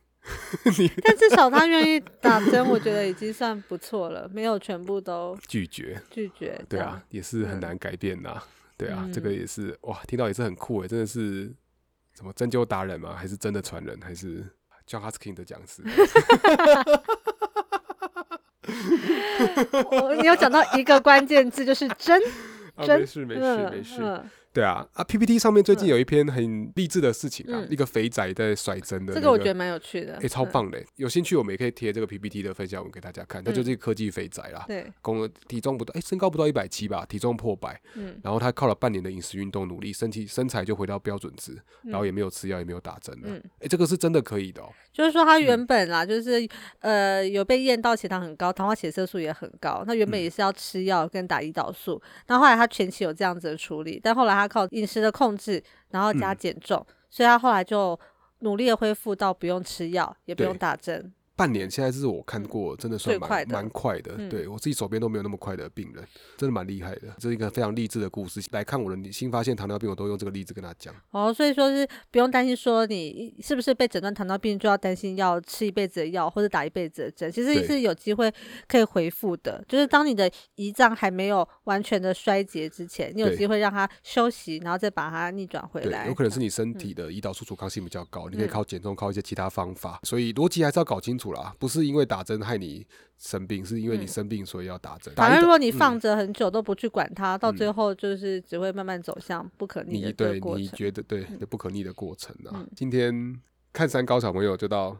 <laughs> 但至少他願意打針， <laughs> 我覺得已經算不錯了，沒有全部都拒絕拒絕、拒絕。對啊，也是很難改變吶、啊。對啊、嗯，這個也是哇，聽到也是很酷哎、欸，真的是什麼針灸達人嗎？還是真的傳人？還是叫哈斯金的講師？ <laughs> <laughs> <laughs> <laughs> <laughs> 你有講到一個關鍵字，就是真 <laughs> 真、啊“真”。真，沒事，沒事，沒事。對啊，啊 PTT 上面最近有一篇很勵志的事情啊，嗯，一個肥宅在甩針的，那個，這個我覺得蠻有趣的，哎、欸，超棒的，嗯。有興趣我們也可以貼這個 PTT 的肥宅文給大家看，他、嗯、就是科技肥宅啦，對、嗯，公體重不到，哎、欸，身高不到一百七吧，體重破百，嗯，然後他靠了半年的飲食運動努力，身體身材就回到標準值，然後也沒有吃藥也沒有打針了，哎、嗯欸，這個是真的可以的，就是說他原本啦，嗯、就是呃有被驗到血糖很高，糖化血色素也很高，他原本也是要吃藥跟打胰島素，然、嗯、後後來他前期有這樣子的處理，但後來。靠飲食的控制，然後加減重。嗯，所以他後來就努力的恢復到不用吃藥，也不用打針。半年，現在是我看過、嗯、真的算蠻蠻快的，快的嗯、對我自己手邊都沒有那麼快的病人，真的蠻厲害的，這是一個非常勵志的故事。來看我的新發現糖尿病，我都用這個例子跟他講。哦，所以說是不用擔心，說你是不是被診斷糖尿病就要擔心要吃一輩子的藥或者打一輩子的針，其實是有機會可以回復的。就是當你的胰臟還沒有完全的衰竭之前，你有機會讓它休息，然後再把它逆轉回來。有可能是你身體的胰島素阻抗性比較高，嗯、你可以靠減重靠一些其他方法。所以邏輯還是要搞清楚。不是因為打針害你生病，是因為你生病所以要打針、嗯。打針，反正如果你放着很久都不去管它、嗯，到最後就是只會慢慢走向不可逆的過程。你對過程，你覺得對，嗯、不可逆的過程啊、嗯。今天看三高小朋友就到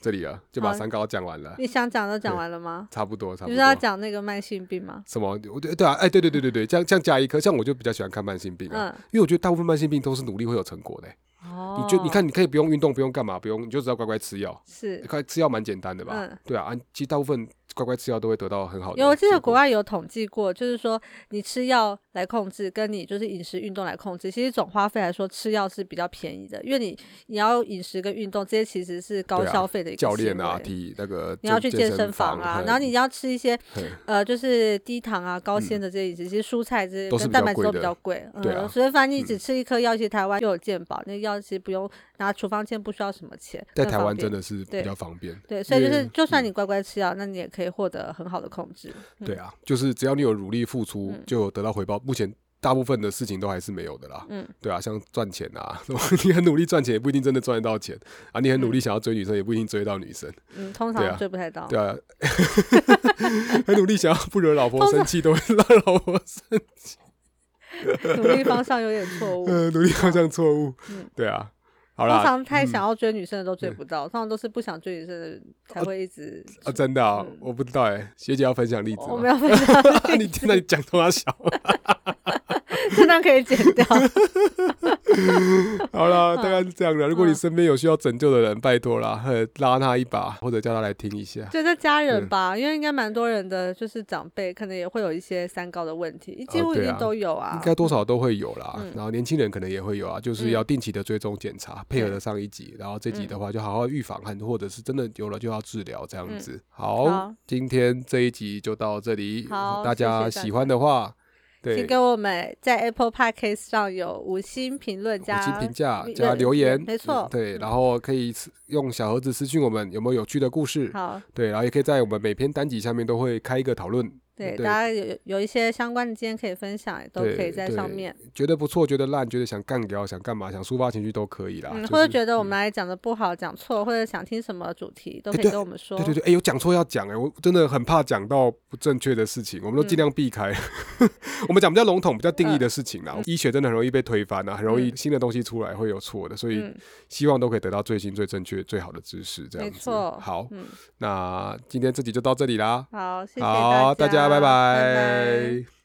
這裡了，就把三高講完了。你想講都講完了嗎？差不多，差不多。就是要講那個慢性病嗎？什麼？我對，對啊，哎、欸，對對對對對，這樣這樣加一顆，像我就比較喜歡看慢性病啊、嗯，因為我覺得大部分慢性病都是努力會有成果的、欸。哦、oh，你就你看，你可以不用運動，不用幹嘛，不用，你就只要乖乖吃藥，是，乖乖吃藥蠻簡單的吧、嗯？對啊，啊，其實大部分。乖乖吃藥都會得到很好的。有，我記得國外有統計過，就是說你吃藥來控制，跟你就是飲食運動來控制，其實總花費來說吃藥是比較便宜的，因為你你要飲食跟運動這些其實是高消費的一個、啊、教練啊，替那個你要去健身房啊，然後你要吃一些呃就是低糖啊高纖的這些飲食、嗯，其實蔬菜這些蛋白質都比較貴，嗯嗯、啊，嗯，所以反正你只吃一顆藥去台灣又有健保，那個、藥其實不用拿處方簽，不需要什麼錢，在台灣真的是比較方便。方便對，對，所以就是就算你乖乖吃藥，嗯、那你也可以。可以獲得很好的控制。對啊、嗯，就是只要你有努力付出，嗯、就有得到回報。目前大部分的事情都還是沒有的啦。嗯，對啊，像賺錢啊，你很努力賺錢，也不一定真的賺得到錢、嗯、啊。你很努力想要追女生，也不一定追得到女生、嗯。通常追不太到。對啊，很、啊、 <laughs> <laughs> 努力想要不惹老婆生氣，都會讓老婆生氣。努力方向有點錯誤。呃，努力方向錯誤。對啊。好啦，通常太想要追女生的都追不到，嗯嗯，通常都是不想追女生的才會一直啊，啊真的啊、嗯，我不知道哎、欸，學姐要分享例子，我沒有分享， <laughs> 你聽到你講多少小。 <laughs> <laughs> 真 <laughs> 的可以剪掉 <laughs> <laughs> <laughs> 好。好、嗯、了，大概是這樣的、嗯。如果你身邊有需要拯救的人，嗯、拜託啦呵，拉他一把，或者叫他來聽一下。就在家人吧，嗯、因為應該蠻多人的，就是長輩可能也會有一些三高的問題，幾乎一定都有啊。呃、啊應該多少都會有啦。嗯、然後年輕人可能也會有啊，就是要定期的追蹤檢查、嗯，配合的上一集。然後這集的話，就好好預防，和、嗯、或者是真的有了就要治療這樣子、嗯好。好，今天這一集就到這裡。好，大家喜歡的話。謝謝對，請給我們在 Apple Podcast 上有五星評論加、五星評價加留言，沒錯、嗯，對，然後可以用小盒子私信我們有沒有有趣的故事、嗯，好，對，然後也可以在我們每篇單集下面都會開一個討論。對，對，大家有有一些相關的經驗可以分享，都可以在上面。覺得不錯，覺得爛，覺得想幹掉，想幹嘛，想抒發情緒都可以啦、嗯就是。或者覺得我們來講的不好，講、嗯、錯，或者想聽什麼主題，都可以跟我們說。對對，對對，哎、欸，有講錯要講哎，我真的很怕講到不正確的事情，我們都盡量避開。嗯、 <laughs> 我們講比較籠統、比較定義的事情啦、嗯。醫學真的很容易被推翻啊，很容易新的東西出來會有錯的，所以希望都可以得到最新、最正確、最好的知識。這樣子沒錯。好、嗯，那今天這集就到這裡啦。好，謝謝大家。好大家拜拜。